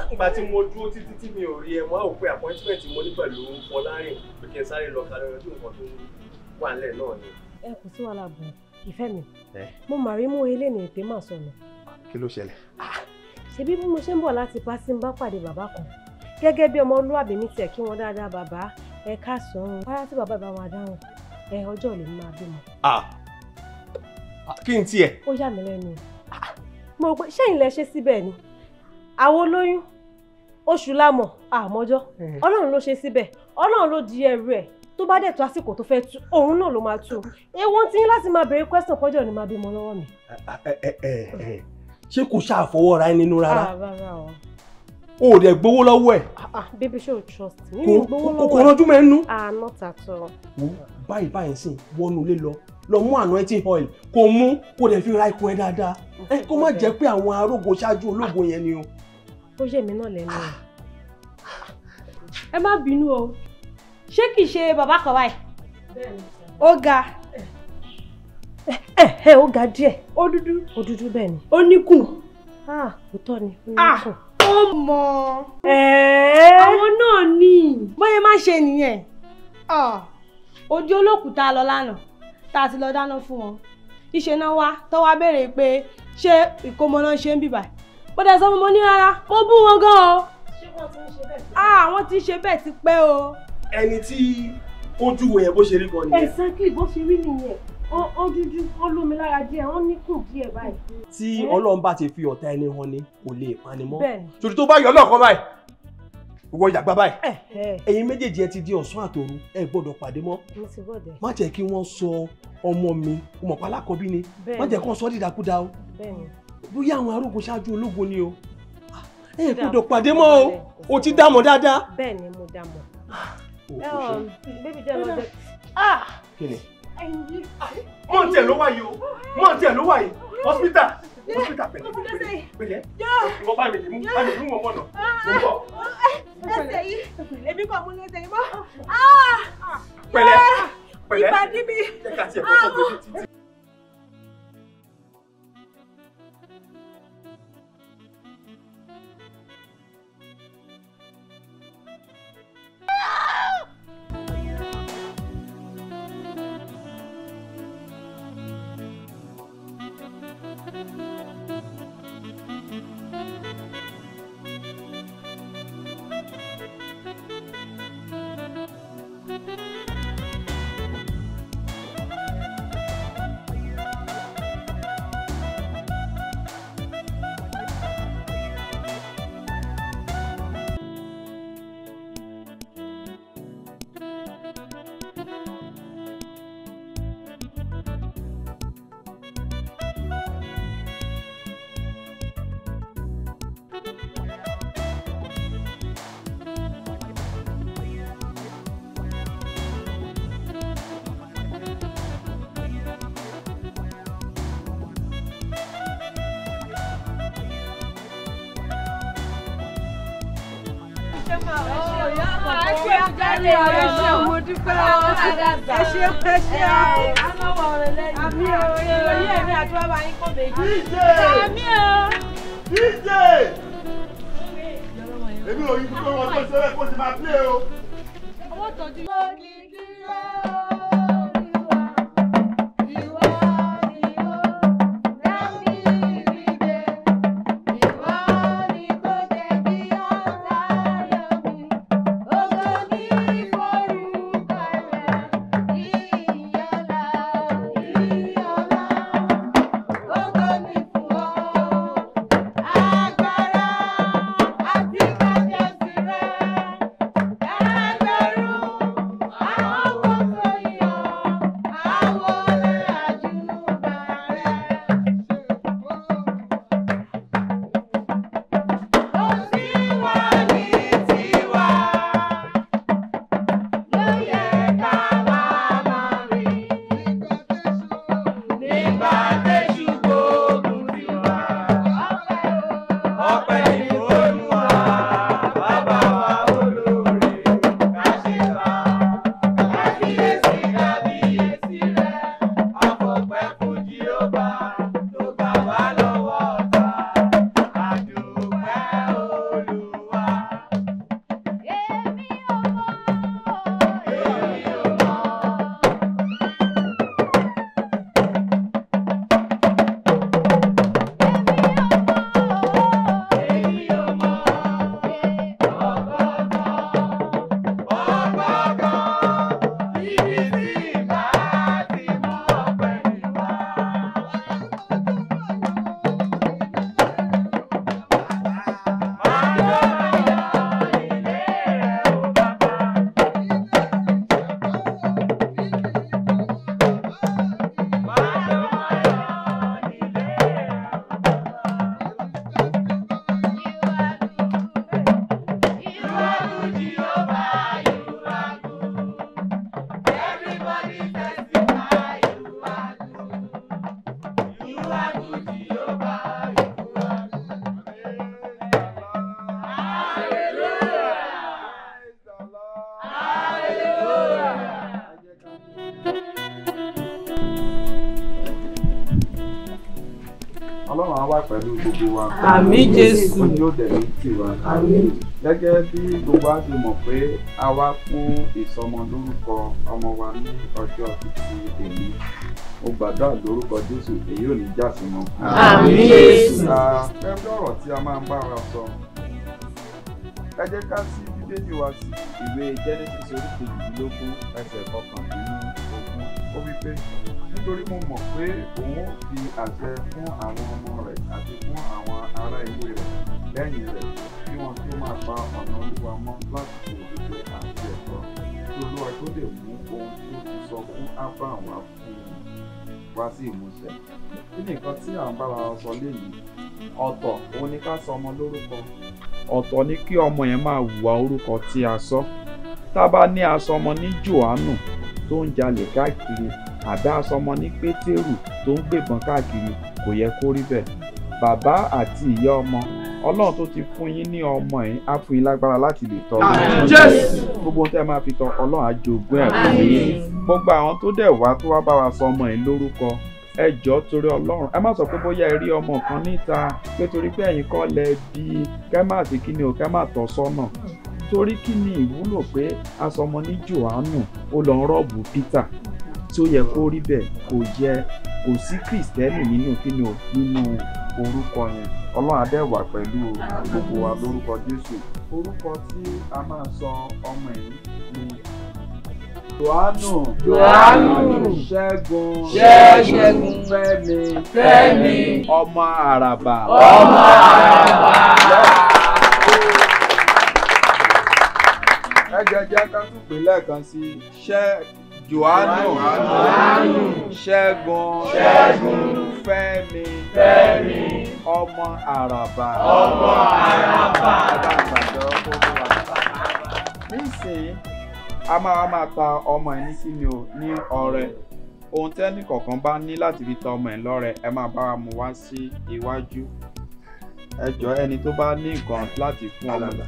Nígbà tí mo dúró títí tí mi ò rí ẹ, mo á wò pé appointment mo ní pẹ̀lú Fọlárìn pé kí n sáré lọ kárí ọdún nǹkan tó wà nílẹ̀ náà ni. Ẹ kò sí wàhálà bọ̀ ìfẹ́ mi mo mà rí mú ilé ní ètè máa sọnù. kí ló ṣẹlẹ̀. ṣebí bí mo ṣe ń bọ̀ láti pa sí ń bá pàdé bàbá kan gẹ́gẹ́ bí ọmọlúwàbí mi tiẹ̀ kí wọ́n dáadáa bàbá ẹ káàsán rárá tí bàbá ìbá wọn dáhùn ẹ ọjọ́ lè máa bímọ. kí n tiẹ̀. ó yà mí lẹ́nu mo rò pé ṣẹ́yìn lẹ ṣe síbẹ̀ ni àwọn olóyún oṣù lámọ̀ àmọ́jọ́ ọlọ́run ló ṣe síbẹ̀ ọlọ́run ló di ẹrù ẹ̀ tó bá dẹ̀ tó àsìkò tó fẹ́ tu òun náà ló máa tu ewu ti ń láti máa béèrè question kọjọ ni máa bímọ lọ́wọ́ mi. ṣé kò ṣàfọwọ́ra ẹ nínú rárá ah, o ò dẹ̀ gbowó lọ́wọ́ ẹ̀. Ah, ah, baby ṣé o trust mi mi gbowó lọ́wọ́ ẹ̀ kò rọjú mẹ́nu. ah not at all. báyìí báyìí sìn wọnú ilé lọ lọ mú anointing oil kó mú kó dẹ̀ fi ra ikùn ẹ dáadáa ẹ kó má jẹ́ pé àwọn arógo ṣáájú ológun yẹn ni o. ó yẹ mí náà lẹ́nu ẹ má bínú o ṣé kìí ṣe bàbá kan báyìí ó ga ẹ eh, ẹ eh, ó ga díẹ̀ ó dúdú ó dúdú bẹ́ẹ̀ ni ó níkùn ah, òótọ́ ni ó níkùn ah, ó mọ eh? àwọn náà ní bóyá má ṣe nìyẹn ojú ah, olókùúta lọ lánàá tá a ti lọ dáná fún wọn ìṣe náà wá tọ́wá béèrè pé ṣé ìkómọ náà ṣe ń bìbà bọ́dà sọ́mọ́ mo ní rárá mo bú wọn gan o. ṣé wọ́n ti ń ṣe bẹ́ẹ̀ ti pẹ́ o. ti ń ṣe bẹ́ẹ̀ ti o ẹni tí ó júwe yẹn bó ṣe rí gan nìyẹn. exactly bó ṣe rí nìyẹn ó dúdú ó lómi lára díẹ̀ ó ní kù díẹ̀ báyìí. tí ọlọ́run bá ti fi ọ̀tá ẹni hàn ni kò lè pani mọ́ torí tó bá yọ ọlọ́ọ̀kan báyìí wọ ìyàgbá báyìí ẹ̀yin méjèèjì ẹ ti di ọ̀sán àtòru ẹ gbọ́dọ̀ pàdé mọ́ má jẹ́ kí wọ́n sọ ọmọ mi ọmọ pálákọ̀bí ni má jẹ́ kí wọ́n sọ dídakúdà o bóyá àwọn arógun ṣáájú ológun ni o ah, ẹ gbọ́dọ̀ pàdé mọ́ o o ti dámọ̀ dáadáa. bẹ́ẹ̀ ni mo dámọ̀. Ah mọ̀ ah! tiẹ̀ ló wà yìí o mọ̀ tiẹ̀ ló wà hospital hospital pẹ̀lẹ́ pẹ̀lẹ́ pẹ̀lẹ́ ìwọ bá mi lè mi ò ẹ ṣe mo dúpẹ́ ẹ ṣe pẹ́ ṣe ọ́. amọ̀wọ̀ ọ̀rẹ́ lẹ́yìn. àmì ò ìròyìn èmi àti bàbá yín kò méjì. àmì ò. díje èmi ò yí pé wọn tó ṣe é kó ti máa pé o. gbogbo wa. àmín jésù ojú òde ní tiwa. gẹ́gẹ́ bí gbogbo a ti mọ̀ pé a wá fún ìsọmọlórúkọ ọmọ wa ní ọjọ́ títí èmi mo gbàdúrà lórúkọ jésù èyí ò ní já sí mọ́. àmín jésù. pẹ̀lú ọ̀rọ̀ tí a máa ń bára sọ ẹ jẹ́ ká sí bíbélì wa sí ìwé genesis orí kejìdínlógún ẹsẹ̀ kọkàndínlógún ó wí pé nítorí mo mọ̀ pé òun fi àṣẹ fún àwọn ọmọ rẹ̀ àti fún àwọn ará ilé rẹ̀ lẹ́yìn rẹ̀ kí wọ́n tó máa pa ọ̀nà olúwa mọ́ láti ṣe òṣìṣẹ́ àti ẹ̀tọ́ olúwa tó lè mú ohun tí ó ti sọ fún abraham wá fún un sí ìmúṣẹ kí ni nǹkan tí à ń bára wa sọ léyìí ọ̀tọ̀ òun ni ká sọ ọmọ lórúkọ ọ̀tọ̀ ni kí ọmọ yẹn máa hùwà orúkọ tí a sọ tá a bá ní a sọ ọmọ ní Jòhánù tó ń jalè káàkiri àbá asọmọ ní pétérù tó ń gbébọn káàkiri kò yẹ kó rí bẹ́ẹ̀ bàbá àti ìyá ọmọ ọlọ́run tó ti fún yín ní ọmọ yín á fún yín lágbára láti lè tọ́ gbogbo ohun tẹ́ ẹ máa fi tọ ọlọ́run á jogún ẹ̀ fún yín gbogbo àwọn tó dẹ̀ wá tó wá bá wa sọ ọmọ yín lórúkọ ẹ jọ̀ọ́ torí ọlọ́run ẹ má sọ pé bóyá ẹ rí ọmọ kan níta pé torí pé ẹ̀yin kọ́ lẹ bí kẹ́ má sí kí ni o kẹ́ sọ́nà torí kí ni ìwúlò pé asọmọ ní Jòhánù ó Peter tí ó yẹ kó rí bẹ́ẹ̀ kò yẹ kò sí kìrìsìtẹ́nì nínú kíni nínú orúkọ yẹn ọlọ́run adẹ́wà pẹ̀lú gbogbo wa lórúkọ jésù orúkọ tí a máa sọ ọmọ yìí ni Jòhánù Jòhánù Ṣẹ́gun Ṣẹ́gun Fẹ́mi Fẹ́mi ọmọ àràbà ọmọ àràbà. ẹ jẹ́ jẹ́ ká tún pè lẹ́ẹ̀kan sí ṣẹ́gun. Joanu, Joanu, Ṣẹ́gun Ṣẹ́gun Fẹ́mi Fẹ́mi ọmọ Àràbà ọmọ Àràbà alágbàdo ọkọ wa. nísìnyí a máa máa ta ọmọ ẹ ní kíni o ní ọrẹ ohun tẹ́nì kọ̀ọ̀kan bá ní láti fi ta ọmọ ẹ lọ́rẹ ẹ máa bá wa wá sí iwájú ẹ jọ ẹni tó bá ní nǹkan láti fún ọmọ.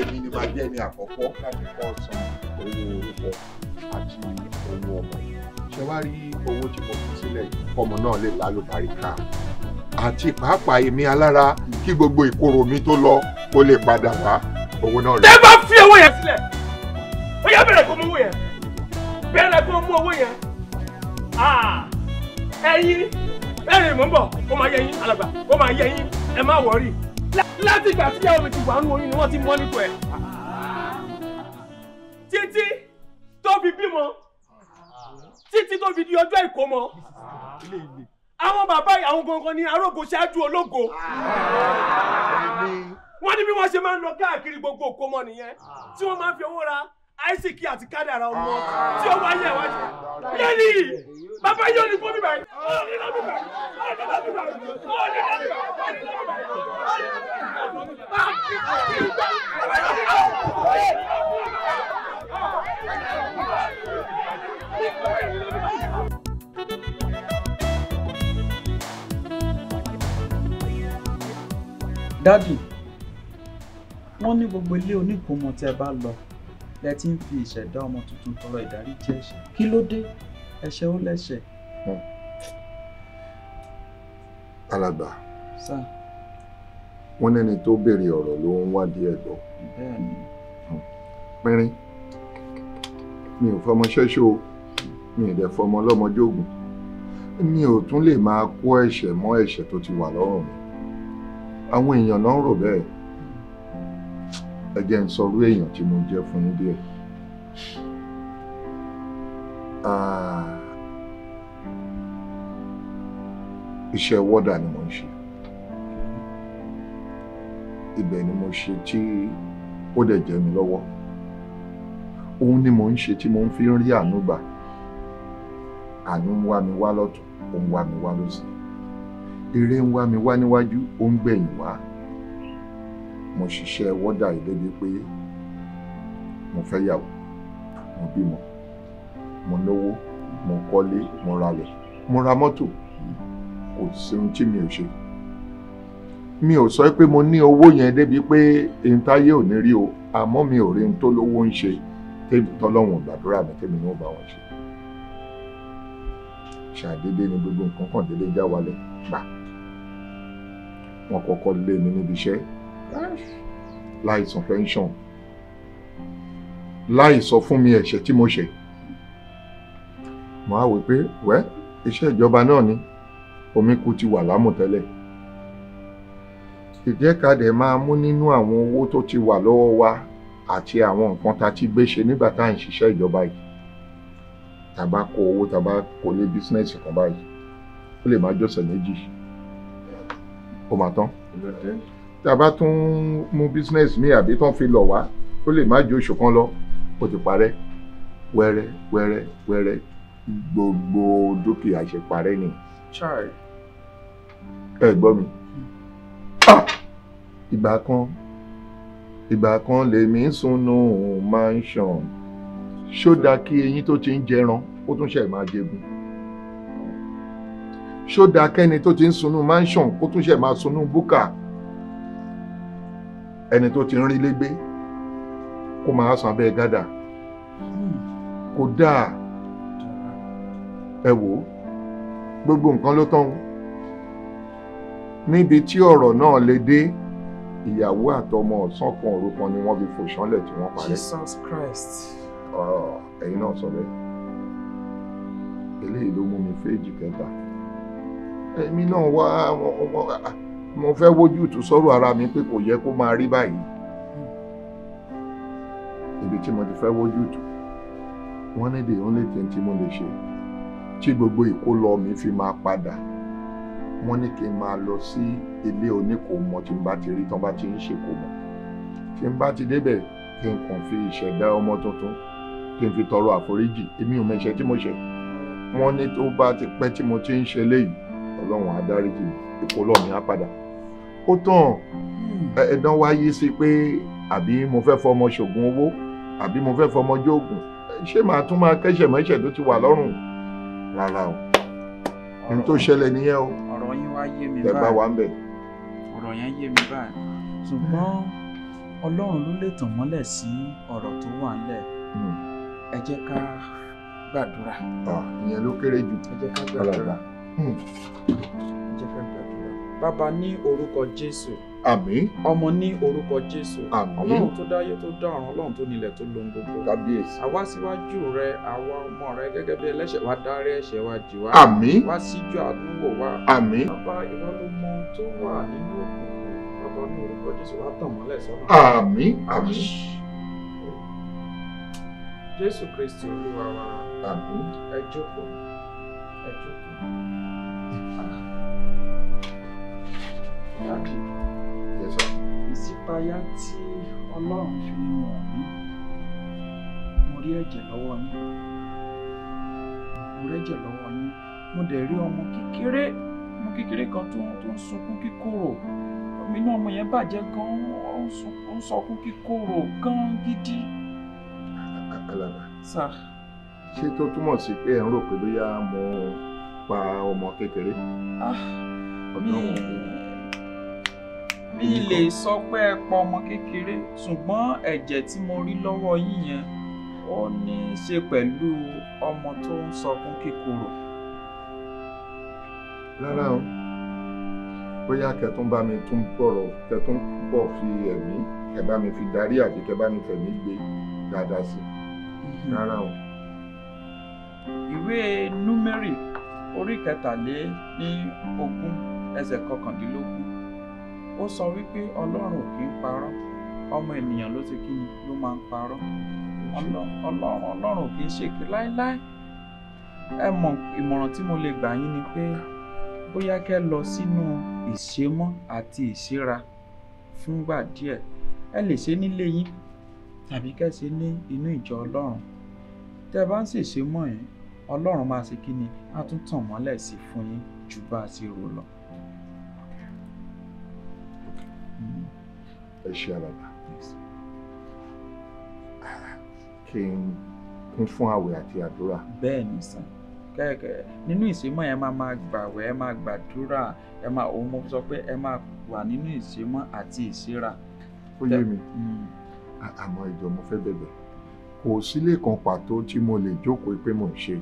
èmi ni màá jẹ́ ẹni àkọ́kọ́ láti kọ́ san owó orúkọ àti owó ọmọ ṣe wá rí owó tí mo fi sílẹ̀ fọmọ náà lè lálùbáríkà àti pàápàá èmi alára kí gbogbo ìkorò mi tó lọ kó lè padà wá owó náà lọ. tẹ́ bá fi owó yẹn sílẹ̀ ó yẹ bẹ̀rẹ̀ kó mú owó yẹn bẹ̀rẹ̀ kó mú owó yẹn ah, ẹ̀yin ẹ̀rìn mò ń bọ̀ ó máa yẹ yín alàgbà ó máa yẹ yín ẹ má wọrí láti ìgbà tí ìyàwó mi ti wà nínú oyún ni wọ́n ti mọ́ nítorí ẹ̀ títí tó fi di ọjọ́ ìkómọ àwọn bàbá àwọn gangan ni arógo ṣáájú ológo wọ́n ní bí wọ́n ṣe máa ń lọ káàkiri gbogbo òkómọ nìyẹn tí wọ́n máa ń fi owó ra àìsíkì àti kádàrà ọmọ tí ó wáyé ẹ̀wájú yẹ́nì bàbá yóò ní fún mi báyìí ó ní lọ́dún dádì wọ́n ní gbogbo ilé oníkòmọ tí ẹ bá lọ lẹ ti ń fi ìṣẹ̀dá ọmọ tuntun tọrọ ìdáríjì ẹ̀ṣẹ̀ kí ló dé ẹ̀ṣẹ̀ ó lẹ́ṣẹ̀. Hmm. alàgbà wọ́n lẹ́ni tó béèrè ọ̀rọ̀ ló ń wádìí ẹ̀gbọ́. pínrín hmm. mi ò fọmọ ṣẹ́ṣọ́ o mi ì dẹ̀ fọmọ ọlọ́mọ jóògùn mi ò tún lè máa kó ẹ̀ṣẹ̀ mọ́ ẹ̀ṣẹ̀ tó ti wà lọ́rùn mi àwọn èèyàn náà ń rò bẹ́ẹ̀ ẹ jẹ́ n sọ irú èèyàn tí mo jẹ́ fún yín díẹ̀ iṣẹ́ wọ́dà ni mo ń ṣe ibẹ̀ ni mo ṣe tí ó dẹ̀ jẹ́ mi lọ́wọ́ òun ni mo ń ṣe tí mo ń fi rí àánú gbà àánú ń wá mi wá lọ́tún ó ń wá mi wá lọ́sì eré ń wá mi wá níwájú ó ń gbẹ̀yìn wá mo ṣiṣẹ́ wọ́dà yìí débi pé mo fẹ́ yàwó mo bímọ mo lówó mo kọ́lé mo ralẹ̀ mo ra mọ́tò kò sí ohun tí mi ò ṣe mi ò sọ pé mo ní owó yẹn débi pé ìntayé ò ní rí o àmọ́ mi ò rí ohun tó lówó ń ṣe tọ́lọ́hún gbàdúrà mi tẹ́mi ní ó bá wọn ṣe ṣàdédé ni gbogbo nǹkan kàn dédé já wálẹ̀ gbà wọ́n kọ́kọ́ lé mi níbi iṣẹ́ láì san pension láì sọ fún mi ẹ̀ṣẹ̀ tí mo ṣẹ̀ mo á wò pé wẹ́ iṣẹ́ ìjọba náà ni omi kú ti wà lámùtẹ́lẹ̀ ìjẹ́kadẹ̀ máa mú nínú àwọn owó tó ti wà lọ́wọ́ wa àti àwọn nǹkan tá ti gbé ṣe nígbà tá à ń ṣiṣẹ́ ìjọba yìí tàbá kó owó tàbá kó lé bísínẹ́sì kan báyìí ó lè má jọ̀sẹ̀ méjì ó máa tán tàbá tún mú bísínẹ́sì míì àbí tán fi lọ̀ wá ó lè má ju oṣù kan lọ ó ti parẹ́ wẹ́rẹ́ wẹ́rẹ́ wẹ́rẹ́ gbogbo dúkìá ṣe parẹ́ ni. ẹ gbọ́ mi ah! ìgbà kan ìgbà kan lèmi ń mansion ṣó dáa kí eyín tó ti ń jẹran ó tún ṣe máa jẹgun ṣó dáa kẹ́ni tó ti ń sunú mansion ó tún ṣe máa sunú búkà ẹni tó ti ń rí légbé kó máa san abẹ́ gádà kò dáa ẹ wò ó gbogbo nǹkan ló tán níbi tí ọ̀rọ̀ náà lè dé ìyàwó àtọmọ ọ̀sán kan òru kan ni wọ́n fi fò ṣánlẹ̀ tí wọ́n parẹ́. Jesus Christ ọ̀rọ̀ ah, ẹ̀yin náà sọ bẹ́ẹ̀ eléyìí ló mú mi fèjì kẹta èmi náà wá mo fẹ́ wojú ìtú sọ́rọ̀ ara mi pé kò yẹ kó máa rí báyìí ibi tí mo ti fẹ́ wojú ìtú wọ́n ní the only thing tí mo lè ṣe tí gbogbo ìkólọ mi fi máa padà wọ́n ní kí n máa lọ sí ilé oníkòmọ tí n bá ti rí tán bá ti ń ṣèkómọ tí n bá ti débẹ̀ kí n kàn fi ìṣẹ̀dá ọmọ tuntun kí n fi tọrọ àforíjì èmi ò mẹ̀ṣẹ̀ tí mo ṣẹ̀ wọ́n ní tó bá ti pẹ́ tí mo ti ń ṣe léyìí ọlọ́run á dáríjì mi ìkólọ́ mi á padà ó tàn ẹ̀dán wá yí sí pé àbí mo fẹ́ fọmọ ṣògùn owó àbí mo fẹ́ fọmọ jóògùn ṣé màá tún máa kẹ́ṣẹ̀ mẹ́ṣẹ̀ tó ti wà lọ́rùn rárá o ohun tó ṣẹlẹ̀ nìyẹn o ọ̀rọ̀ yín wá yé mi báyìí tẹ́ bá wà ń bẹ̀. ọ̀rọ̀ yẹn yé mi báyìí ṣùgbọ́n ọlọ́run ló lè tàn mọ́lẹ̀ sí ọ̀rọ̀ tó wà ńlẹ̀. Hmm ẹ jẹ́ ká gbàdúrà. ìyẹn ló kéré jù. ẹ jẹ́ ká gbàdúrà. Hmm. ẹ jẹ́ ká gbàdúrà. bàbá ní orúkọ jésù. àmín. ọmọ ní orúkọ jésù. àmín. ọlọ́run tó dáyé tó dá ọ̀run ọlọ́run tó nílẹ̀ tó lohun gbogbo. kábíyèsí. àwa síwájú rẹ àwa ọmọ rẹ gẹ́gẹ́ bí ẹlẹ́ṣẹ̀ wa dárí ẹ̀ṣẹ̀ wa jì wá. àmín. wá síjú àánú wò wá. àmín. bàbá ìwọ ló mọ ohun tó wà nínú òkùnkùn bàbá ní orúkọ jésù wá tàn mọ́lẹ̀ sọ́nà. àmín àmín jésù kristi olúwa wa àmín ẹ jókòó ẹ jókòó. dáàbì ìṣípayá tí ọlọ́run fi mọ̀ mí mo rí ẹ̀jẹ̀ lọ́wọ́ yín mo rẹ́jẹ̀ lọ́wọ́ yín mo dẹ̀ rí ọmọ kékeré ọmọ kékeré kan tó ń sunkún kíkorò omi náà ọmọ yẹn bàjẹ́ gan-an ó ń sunkún kíkorò gan-an gidi. Alaba. Sá. Ṣé tó túmọ̀ sí pé ẹ̀ ń rò pé bóyá mo pa ọmọ kékeré? Ah, mi lè sọ pé ẹ pa ọmọ kékeré ṣùgbọ́n ẹ̀jẹ̀ tí mo rí lọ́wọ́ yín yẹn ó ní í ṣe pẹ̀lú ọmọ tó ń sọkún kíkorò. Rárá o, bóyá kẹtún bá mi tún bọ̀rọ̀ kẹtún pọ̀ fi ẹ̀mí kẹ bá mi fi darí àti kẹ bá mi fẹ̀mí gbé dáadáa sí i rárá o. ìwé númérì orí kẹtàlé ní ogún ẹsẹ̀ kọkàndínlógún ó sọ wípé ọlọ́run ò kí ń parọ́ ọmọ ènìyàn ló ti kí ni ló máa ń parọ́ ọlọ́run ọlọ́run ò kí ń ṣèké láéláé ẹ mọ̀ ìmọ̀ràn tí mo lè gbà yín ni pé bóyá kẹ́ lọ sínú ìṣémọ́ àti ìṣéra fúngbà díẹ̀ ẹ lè ṣe nílé yín tàbí kẹ́sí ní inú ìjọ ọlọ́run tẹ́ ẹ bá ń ṣèṣe mọ̀ yín ọlọ́run máa ṣe kí ni á tún tàn mọ́lẹ̀ sí fún yín ju bá a ti rò lọ. ẹ ṣe àbàbà kí n kún fún àwẹ̀ àti àdúrà. bẹ́ẹ̀ ni sàn kẹ́kẹ́ nínú ìsímọ́ ẹ máa máa gbàwẹ̀ ẹ máa gbàdúrà ẹ máa òun mo sọ pé ẹ máa wà nínú ìsímọ́ àti ìsíra. ó yé mi àmọ́ ìjọ mo fẹ́ bẹ̀bẹ̀ kò sílé kan pàtó tí mo lè jókòó pé mo ń ṣe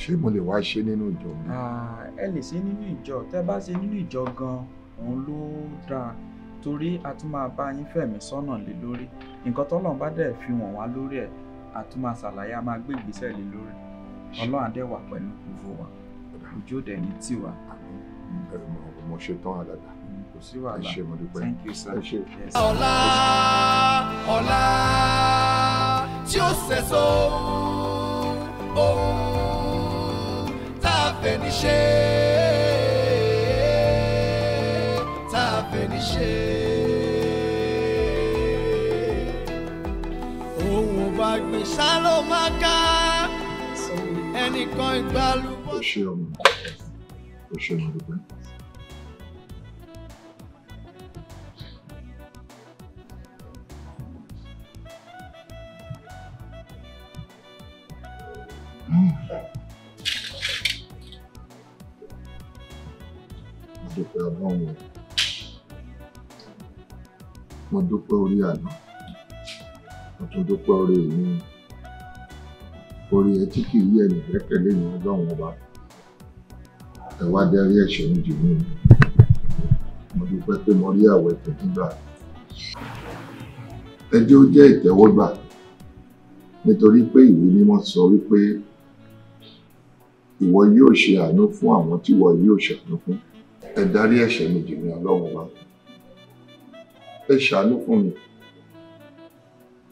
ṣé mo lè wá ṣe nínú ìjọ mi. ẹ lè ṣe nínú ìjọ tẹ́ bá ṣe nínú ìjọ gan òun ló dáa torí a tún máa bá yín fẹ̀mí sọ́nà lé lórí nǹkan tọ́lọ́run bá dẹ̀ fi wọ̀n wá lórí ẹ̀ a tún máa ṣàlàyé a máa gbé ìgbésẹ̀ lé lórí ọlọ́run adẹ́wà pẹ̀lú gbogbo wa ojú òde ní tiwa. mo ṣetán àdàdà sí wàhálà thank you sir. ọ̀la ọ̀la tí ó ṣẹ̀ṣọ́ ohun tá a fẹ́ ní ṣe tá a fẹ́ ní ṣe. ohun bá gbé sálọ máa ká ẹnìkan ìgbàlú. ó ṣe ọmọ ó dúpẹ́. dúpẹ́ ọlọ́run o mo dúpẹ́ orí àná mo tún dúpẹ́ orí mi orí etí kì í yẹ ẹnì kẹ́kẹ́lé ní ọlọ́run ọba ẹ̀wá darí ẹ̀ṣẹ̀ ń dì mí mo dúpẹ́ pé mo rí àwẹ̀ tó nígbà ẹjọ́ jẹ́ ìtẹ́wọ́gbà nítorí pé ìwé mímọ́ sọ wípé ìwọ yóò ṣe àánú fún àwọn tí ìwọ yóò ṣàánú fún ẹ dárí ẹ̀ṣẹ̀ mi jì mí ọlọ́run wa ẹ ṣàánú fún mi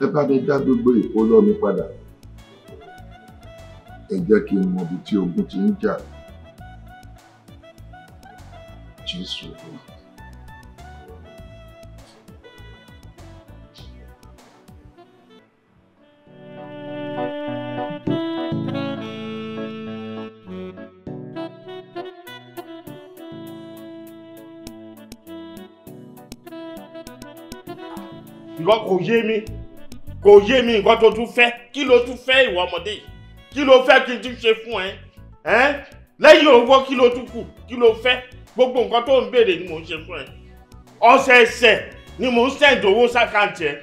ẹ bá mi dá gbogbo ìkólọ́ mi padà ẹ jẹ́ kí n mọ ibi tí ogun ti ń jà jésù olùkọ́. nǹkan kò yé mi kò yé mi nǹkan tó tún fẹ́ kí ló tún fẹ́ ìwọ ọmọdé yìí kí ló fẹ́ kí n tún ṣe fún ẹ ẹ́n lẹ́yìn owó kí ló tún kù kí ló fẹ́ gbogbo nǹkan tó ń béèrè ni mò ń ṣe fún ẹ ọ̀sẹ̀ẹ̀sẹ̀ ni mò ń send owó sákàǹtì ẹ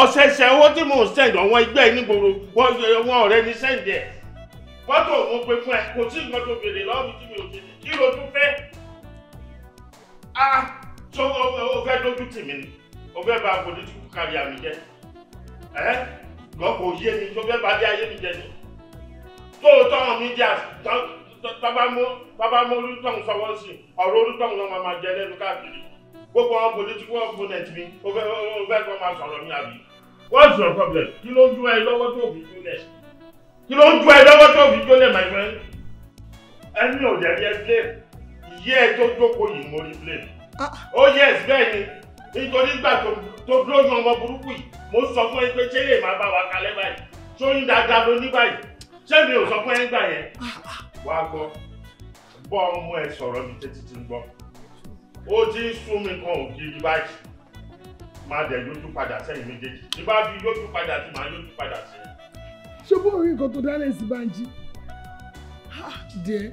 ọ̀sẹ̀ẹ̀sẹ̀ owó tí mò ń send àwọn ẹgbẹ́ ẹ nígboro wọn ọ̀rẹ́ ni send ẹ fọ́tò mo pe fún ẹ kò sí nǹkan tó béèrè lọ́wọ́ mi tí mi ò ṣe kí ló tún fẹ́ ah so o fẹ́ dójú tì o fẹ́ ba political career mi jẹ́ ẹ́ lọ́kọ̀ òye mi tó fẹ́ ba dé ayé mi jẹ́ ni tó o tọ́wọ́n mi jẹ́ tọ́bámú tọ́bámú olùtọ́hún sọ́wọ́ sí ọ̀rọ̀ olùtọ́hún náà máa jẹ lẹ́nu káàkiri gbogbo àwọn political opponent mi o fẹ́ o fẹ́ kọ́ máa sọ̀rọ̀ mi àbí what's your problem kí ló ń dún ẹ lọ́wọ́ tó fi jólẹ̀ kí ló ń dún ẹ lọ́wọ́ tó fi jólẹ̀ my friend ẹni ò dẹ̀ rí ẹ blame ìyé ẹ tó jókòó yìí mo rí blame ah. oh yes bẹ́ẹ̀ ni nítorí ìgbà tó dúró yan ọmọ burúkú yìí mo sọ fún ẹ pé ṣé lè máa bá wa kalẹ̀ báyìí sóyún dáadáa ló ní báyìí ṣé mi ò sọ fún ẹ nígbà yẹn wàá gbọ́ bọ́ ọmọ ẹ sọ̀rọ̀ mi tètè ti ń gbọ́ ó ti ń sún mi kan ògiri báyìí máa dẹ̀ yójú padà sẹ́yìn méjèèjì tí bá fi yójú padà sí máa yójú padà sí. ṣé bó rí nǹkan tó dálẹ̀ sí Bánjí díẹ̀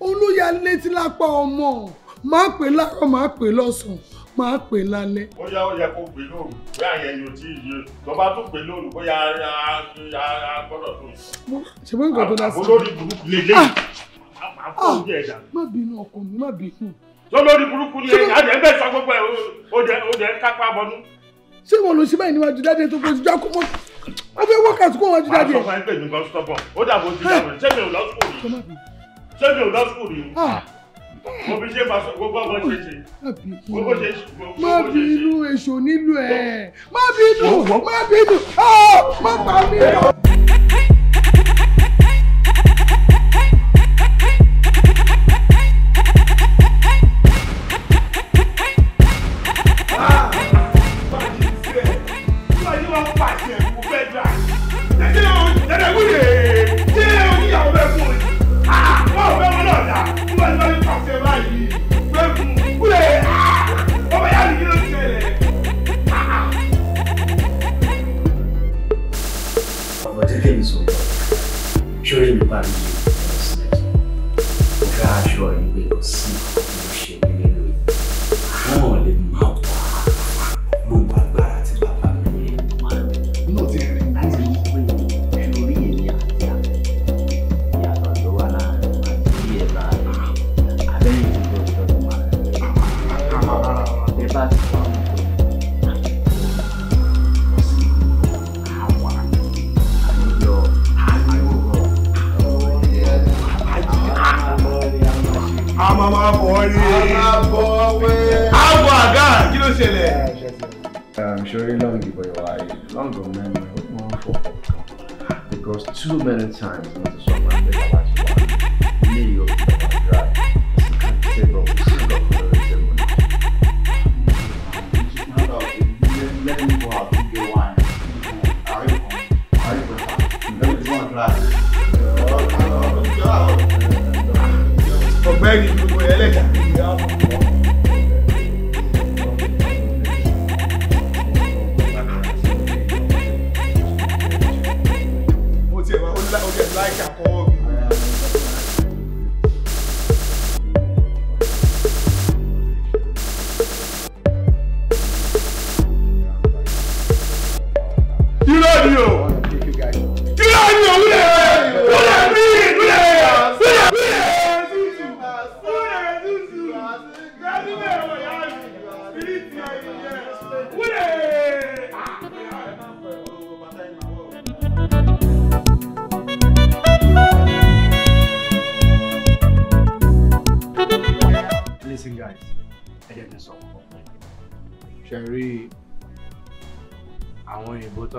olóyè létí lápá ọmọ máa pè láàárọ̀ máa pè lọ́sàn-án máa pè lálẹ́. bóyá ó yẹ kó pè lóru bóyá yẹn yóò tí ì yé tó bá tún pè lóru bóyá a gbọ́dọ̀ tó yìí. ṣùgbọ́n nǹkan tó dá sí. olórí burúkú lè lé àpòjì ẹ̀dá. má bínú ọkọ mi má bínú. lọ́lọ́rí burúkú ni ẹ̀yà rẹ̀ bẹ́ẹ̀ sọ gbogbo ẹ̀ ó jẹ́ kápá bọnú. ṣé wọn ló ṣe báyìí níwájú dáadé tó kọjú jákú mọ́ ó fẹ́ wọ́kàtí kó wájú dáadé. máa sọ fún ẹgbẹ́ mi kan stop mo fi ṣe pàṣẹ gbogbo ọmọ ṣe ṣe gbogbo ṣe ṣe. má bínú èso nílò ẹ má bínú má bínú má pa mí lọ.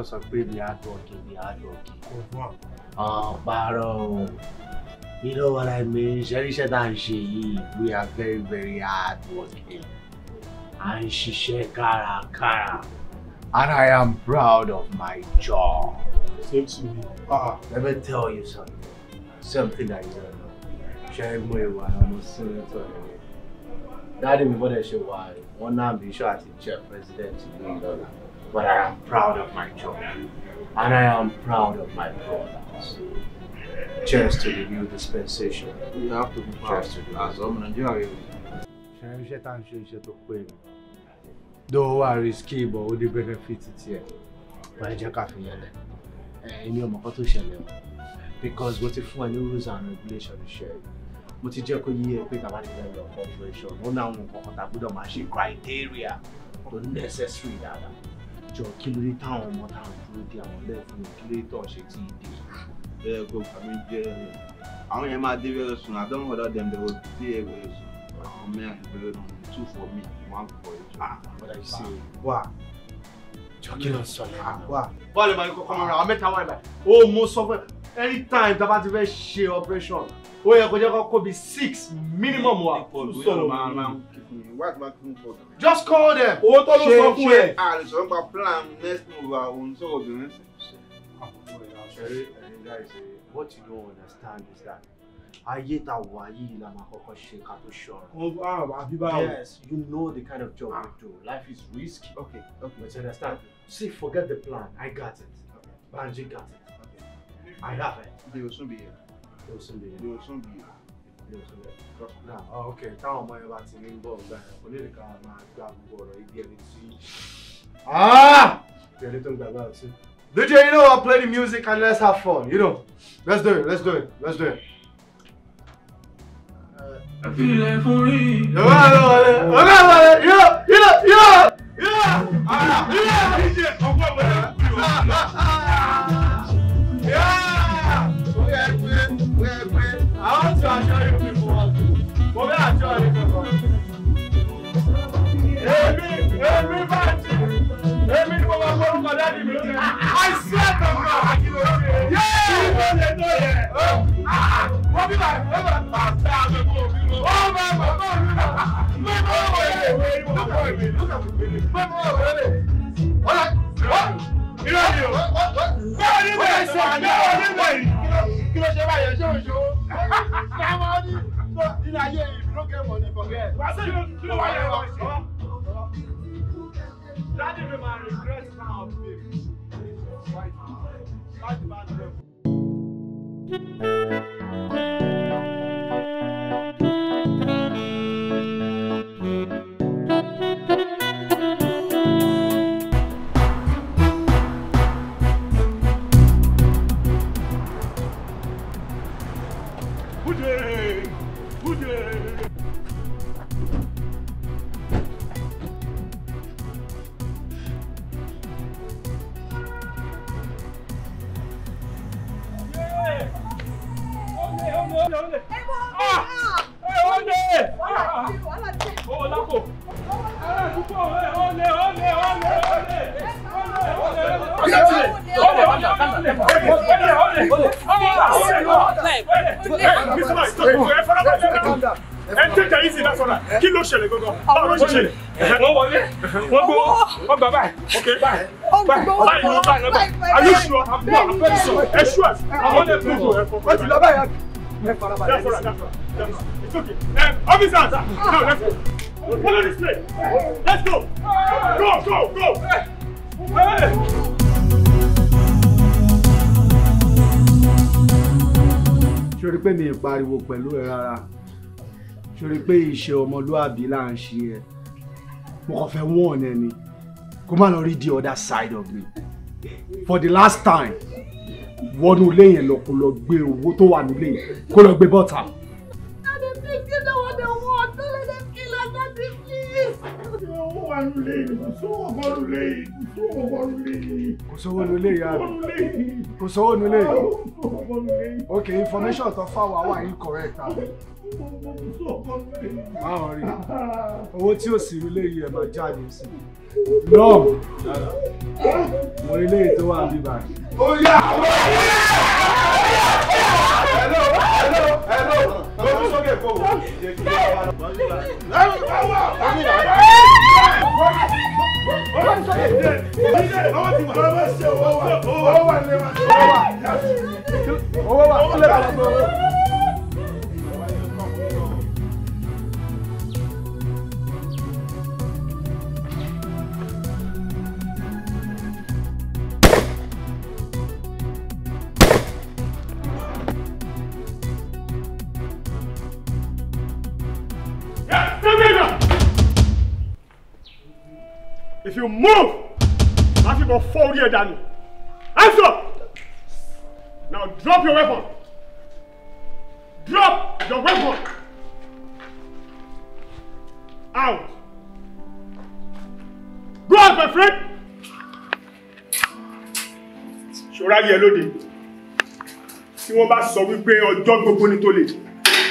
sọ pé bí hardworking bí hardworking. Ah, pààrọ̀ you know what I mean ṣẹ́ríṣẹ́ tá à ń ṣe yìí we are very very hardworking à ń ṣiṣẹ́ kárakára and I am proud of my job. same to me. uh let me tell you something something that you don't know ṣe mú ìwà ọmọ sẹ́nẹ́tọ̀ rẹ̀ dáàdì mi bọ́dẹ̀ ṣe wà wọ́n náà bí iṣọ́ àti jẹ́ president ìlú ìlọ́la but I am proud of my children. And I am proud of my products. Cheers to the new dispensation. You have to be proud. Cheers to the As ọmọ Nàìjíríà rẹ̀ wò. Ṣé iṣẹ́ tá à ń ṣe iṣẹ́ tó pé mi? Though I risk but ó dé benefit tiẹ̀. Wọ́n jẹ́ ká fi yẹn lẹ̀. Èmi ọmọ kan tó ṣẹlẹ̀ o. Because mo ti fún ẹ ní rules and regulations ṣe. Mo ti jẹ́ kó yí ẹ pé tàbá ti bẹ̀rẹ̀ ọ̀pọ̀ operation. Ó ní àwọn nǹkan kan tá a gbọ́dọ̀ criteria tó necessary dáadáa jọ kí ló dé táwọn ọmọ táwọn dúró dé àwọn lẹ́ẹ̀fún mi kí ló dé tó ṣe tí ì dé. bẹ́ẹ̀ kó kàmí jẹ́ àwọn yẹn máa dé very soon I don order them they go dey very soon for me and very soon two for me one for you. ah but I say wa jọkí lọ sọ lẹ́nu. Ah, wa bọ́ọ̀lù ìbàdàn kọ́kọ́ mọ́ra àwọn mẹ́ta wà ìbàdàn ó mú sọ pé anytime tá a bá ti fẹ́ ṣe operation ó yẹ kó jẹ́ kó minimum wa just call them. owó tó ló sọ fún ẹ. plan next move our own sọ̀rọ̀ obìnrin. what you don't understand is that ayé ta wà yìí la máa kọ́kọ́ ṣe ká tó ṣọ́ra. Oh, ah, yes you know the kind of job ah. you do life is risky. okay okay but you understand see forget the plan i got it okay. banji got it okay. i have it. they will soon be here ok táwọn ọmọ yẹn bá ti ní bọ̀ gbà yẹn kò ní lè ká máa gba gbogbo ọ̀rọ̀ ibi ẹni tí ẹni tó ń gbàgbà sí. DJ, you know what? Play the music and let's have fun. You know, let's do it. Let's do it. Let's do it. Àfilẹ̀ fún rí. Ọ̀gá àlọ́wọ̀lẹ̀. Ọ̀gá àlọ́wọ̀lẹ̀. Yọ yọ yọ yọ. Yọ àwọn ìṣe ọgbọ́n wọlé kúrò. èmi bá ti èmi ni mo máa gbórúkọ dáàdì mi jẹ. àìsí ẹ̀tọ́ mi àwọn àkìlọ̀ ṣe. yéé kí ló lè tó yẹ. wọ́n bí bàbá mi bàbá mi máa fẹ́ aṣọ fún òbí lọ. ó bá bàbá mi bàbá mi mọ ọmọ ilé ìwé ni mo kọ ìwé ló kà fún mi. mọ ọmọ ilé ọlá ọ irọ́ mi o. báwo ni bẹ́ẹ̀ sọ àná onímọ̀ yìí. kí ló ṣe báyọ̀ ṣé òṣò. sáwọn ní ilé ayé ìdúró kẹ́mọ̀ ní fọ̀gẹ́. wàá sẹ́yìn ló wáyé wọ̀ That is my regret now, baby. Right now. ẹ tẹjọ yìí sí náà sọlá kí ló ṣẹlẹ̀ gangan báwo ló ṣẹlẹ̀ wọ́n wọlé wọ́n gbó wọ́n gbà báyìí ok báyìí báyìí ló báyìí lọ́gbà ayé ṣù ọ àbúrò àbúrò sọ ẹ ṣù àti àwọn ọdẹ tó tó ẹ fọ. ojú lọ báyà ẹ farabalẹ̀ ẹ sọ̀rọ̀ it's okay ẹ ọ́fíìsà àtà náà let's go follow this way let's go go go go. Hey. ṣorí pé mi pariwo pẹ̀lú ẹ rárá ṣorí pé ìṣe ọmọlúàbí là ń ṣe ẹ mo kàn fẹ́ wọ́n ẹ ni kó má lọ rí the other side of me for the last time wọnú ilé yẹn lọ kó lọ gbé owó tó wà nílé kó lọ gbé bọ́tà. Wọ́n wà nílé ìlú, sọ́wọ́ bọ́ọ̀lù lé kò sówó nulẹ̀ ìyá rẹ̀ kò sówó nulẹ̀ ok information tó fà wá wà incorrect máa rí owó tí ò sí ilé yìí ẹ̀ máa jáde sí lọ́ọ̀ mọ ilé ètò wà bí báyìí. ó yá ó yá hello hello hello lójú sókè kó o jẹ kí ẹ wá lọ ọwọ́ ti sọ́yẹ̀ díẹ̀ díẹ̀ ọwọ́ ti wà ọwọ́ ṣe owó wà owó wà lẹ́wà owó wà owó wà ó lè bàlá gbọ́ owó. you move I fi bọ̀ fọ́ orí ẹ̀ dànù now drop your weapon drop your weapon out go out my friend ṣòra yẹ lóde tí wọ́n bá sọ wípé ọjọ́ gbogbo ni tó lè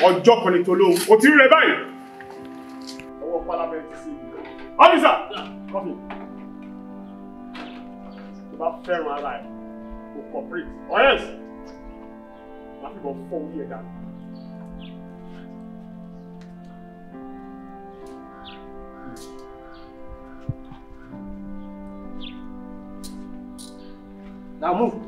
ọjọ́ kan ni tó lóhun òtí rẹ̀ báyìí ọwọ́ pálámẹ́ǹtì sí i ọ́fíìsà. Come in. You fair my life. You cooperate. Or else, nothing will fall me again. Now move.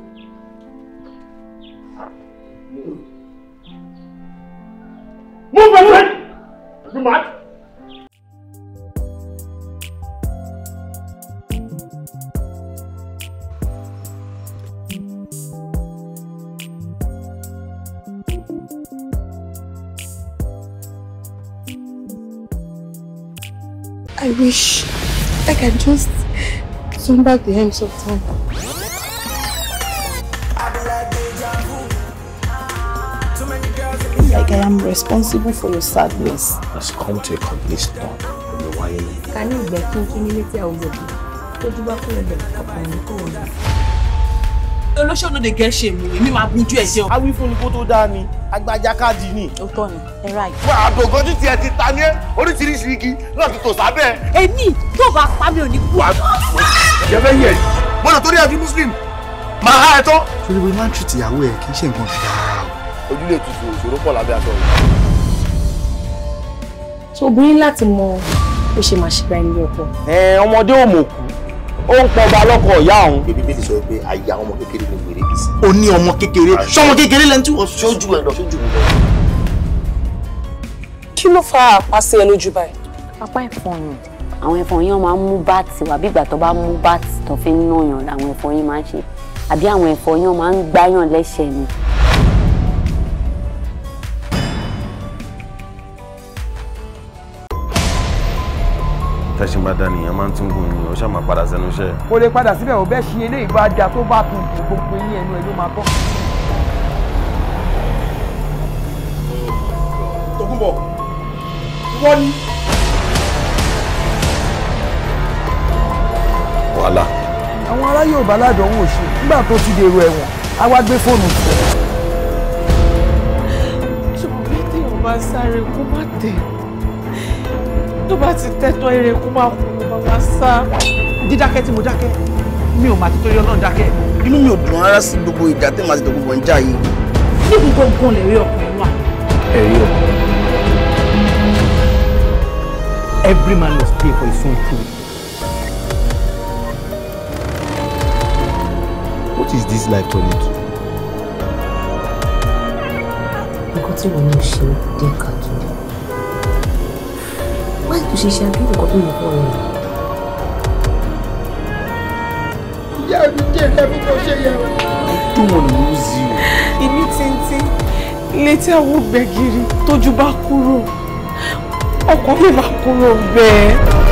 wish I can just turn back the hands of time. Like I am responsible for your sadness. Has come to a complete stop. Can you get into out of it? back on the Olóṣèlú ló dey get shame ni, èmi máa bójú ẹ̀ ṣe o. Awífúnni kó tó dá agbájá káàdì ni. ó tọ́ ni ẹ ra yìí. wà á dògán tí tiẹ̀ ti ta ní ẹ́ oríṣiríṣi igi náà ti tò sábẹ́. èmi tó bá pa mi ò ní kú. ìjẹ́ fẹ́ yẹ̀ mo lọ torí àfi muslim máa há ẹ tán. torí pé máa ń tìtì ìyàwó ẹ kì í ṣe nǹkan fi dára ojúlé tutù òṣòro pọ̀ lábẹ́ aṣọ rẹ̀. so obìnrin láti mọ bó ṣe máa ṣe gba ẹni ọkọ. ẹ ọmọdé ò mọ̀ kú ó ń pọba lọ́kọ̀ ìyá òun. bèbí bèbí sọ pé àyà ọmọ kékeré ni wèrè bí sí. o ní ọmọ kékeré sọmọ kékeré lẹni tí wọn sójú ẹ lọ sójú mi lọ. kí ló fa àpá sí ẹ lójú báyìí. apá ẹ̀fọn yẹn àwọn ẹ̀fọn yẹn máa ń mú báàtì wá bí ìgbà tó bá mú báàtì tó fi ń náyàn làwọn ẹ̀fọn yẹn máa ń ṣe àbí àwọn ẹ̀fọn yẹn máa ń gbáyàn lẹ́sẹ̀ ni tẹ́sí bá dání ẹ̀ máa ń tún gùn ní o ṣáà máa padà sẹ́nu iṣẹ́. o lè padà síbẹ̀ o bẹ́ẹ̀ ṣe eléyìí bá da tó bá tún dùn gbogbo yín ẹnu ẹ ló máa bọ́. Tòkunbọ̀ wọ́n ní. wàhálà. àwọn ará yóò bá ládùn òun nígbà tó ti dèrò ẹ̀wọ̀n á wá gbé fóònù sí i. ṣùgbọ́n bí téèyàn bá sáré kó má tẹ̀ tó bá ti tẹ́tọ́ eré kó máa kú mo sá. dídákẹ́ tí mo dákẹ́ mi ò máa ti torí ọlọ́run dákẹ́. inú mi ò dùn rárá sí gbogbo ìjà tí màá ti dògbò ń jà yìí. ní gbogbo lè rí ọkùnrin wà. ẹ rí Every man must pay for his own food. What is this life turning to? Nǹkan tí mo ní ṣe dé kàtó ṣe ṣe abẹ́rẹ́ nǹkan tó fún ọ̀rọ̀ rẹ̀. ìyá mi jẹ́rẹ̀ mi ṣe yẹ. I don't want to lose you. ìní tíntín létí àwọn ògbẹ́giri tójú bá kúrò ọkọ̀ lè má kúrò bẹ́ẹ̀.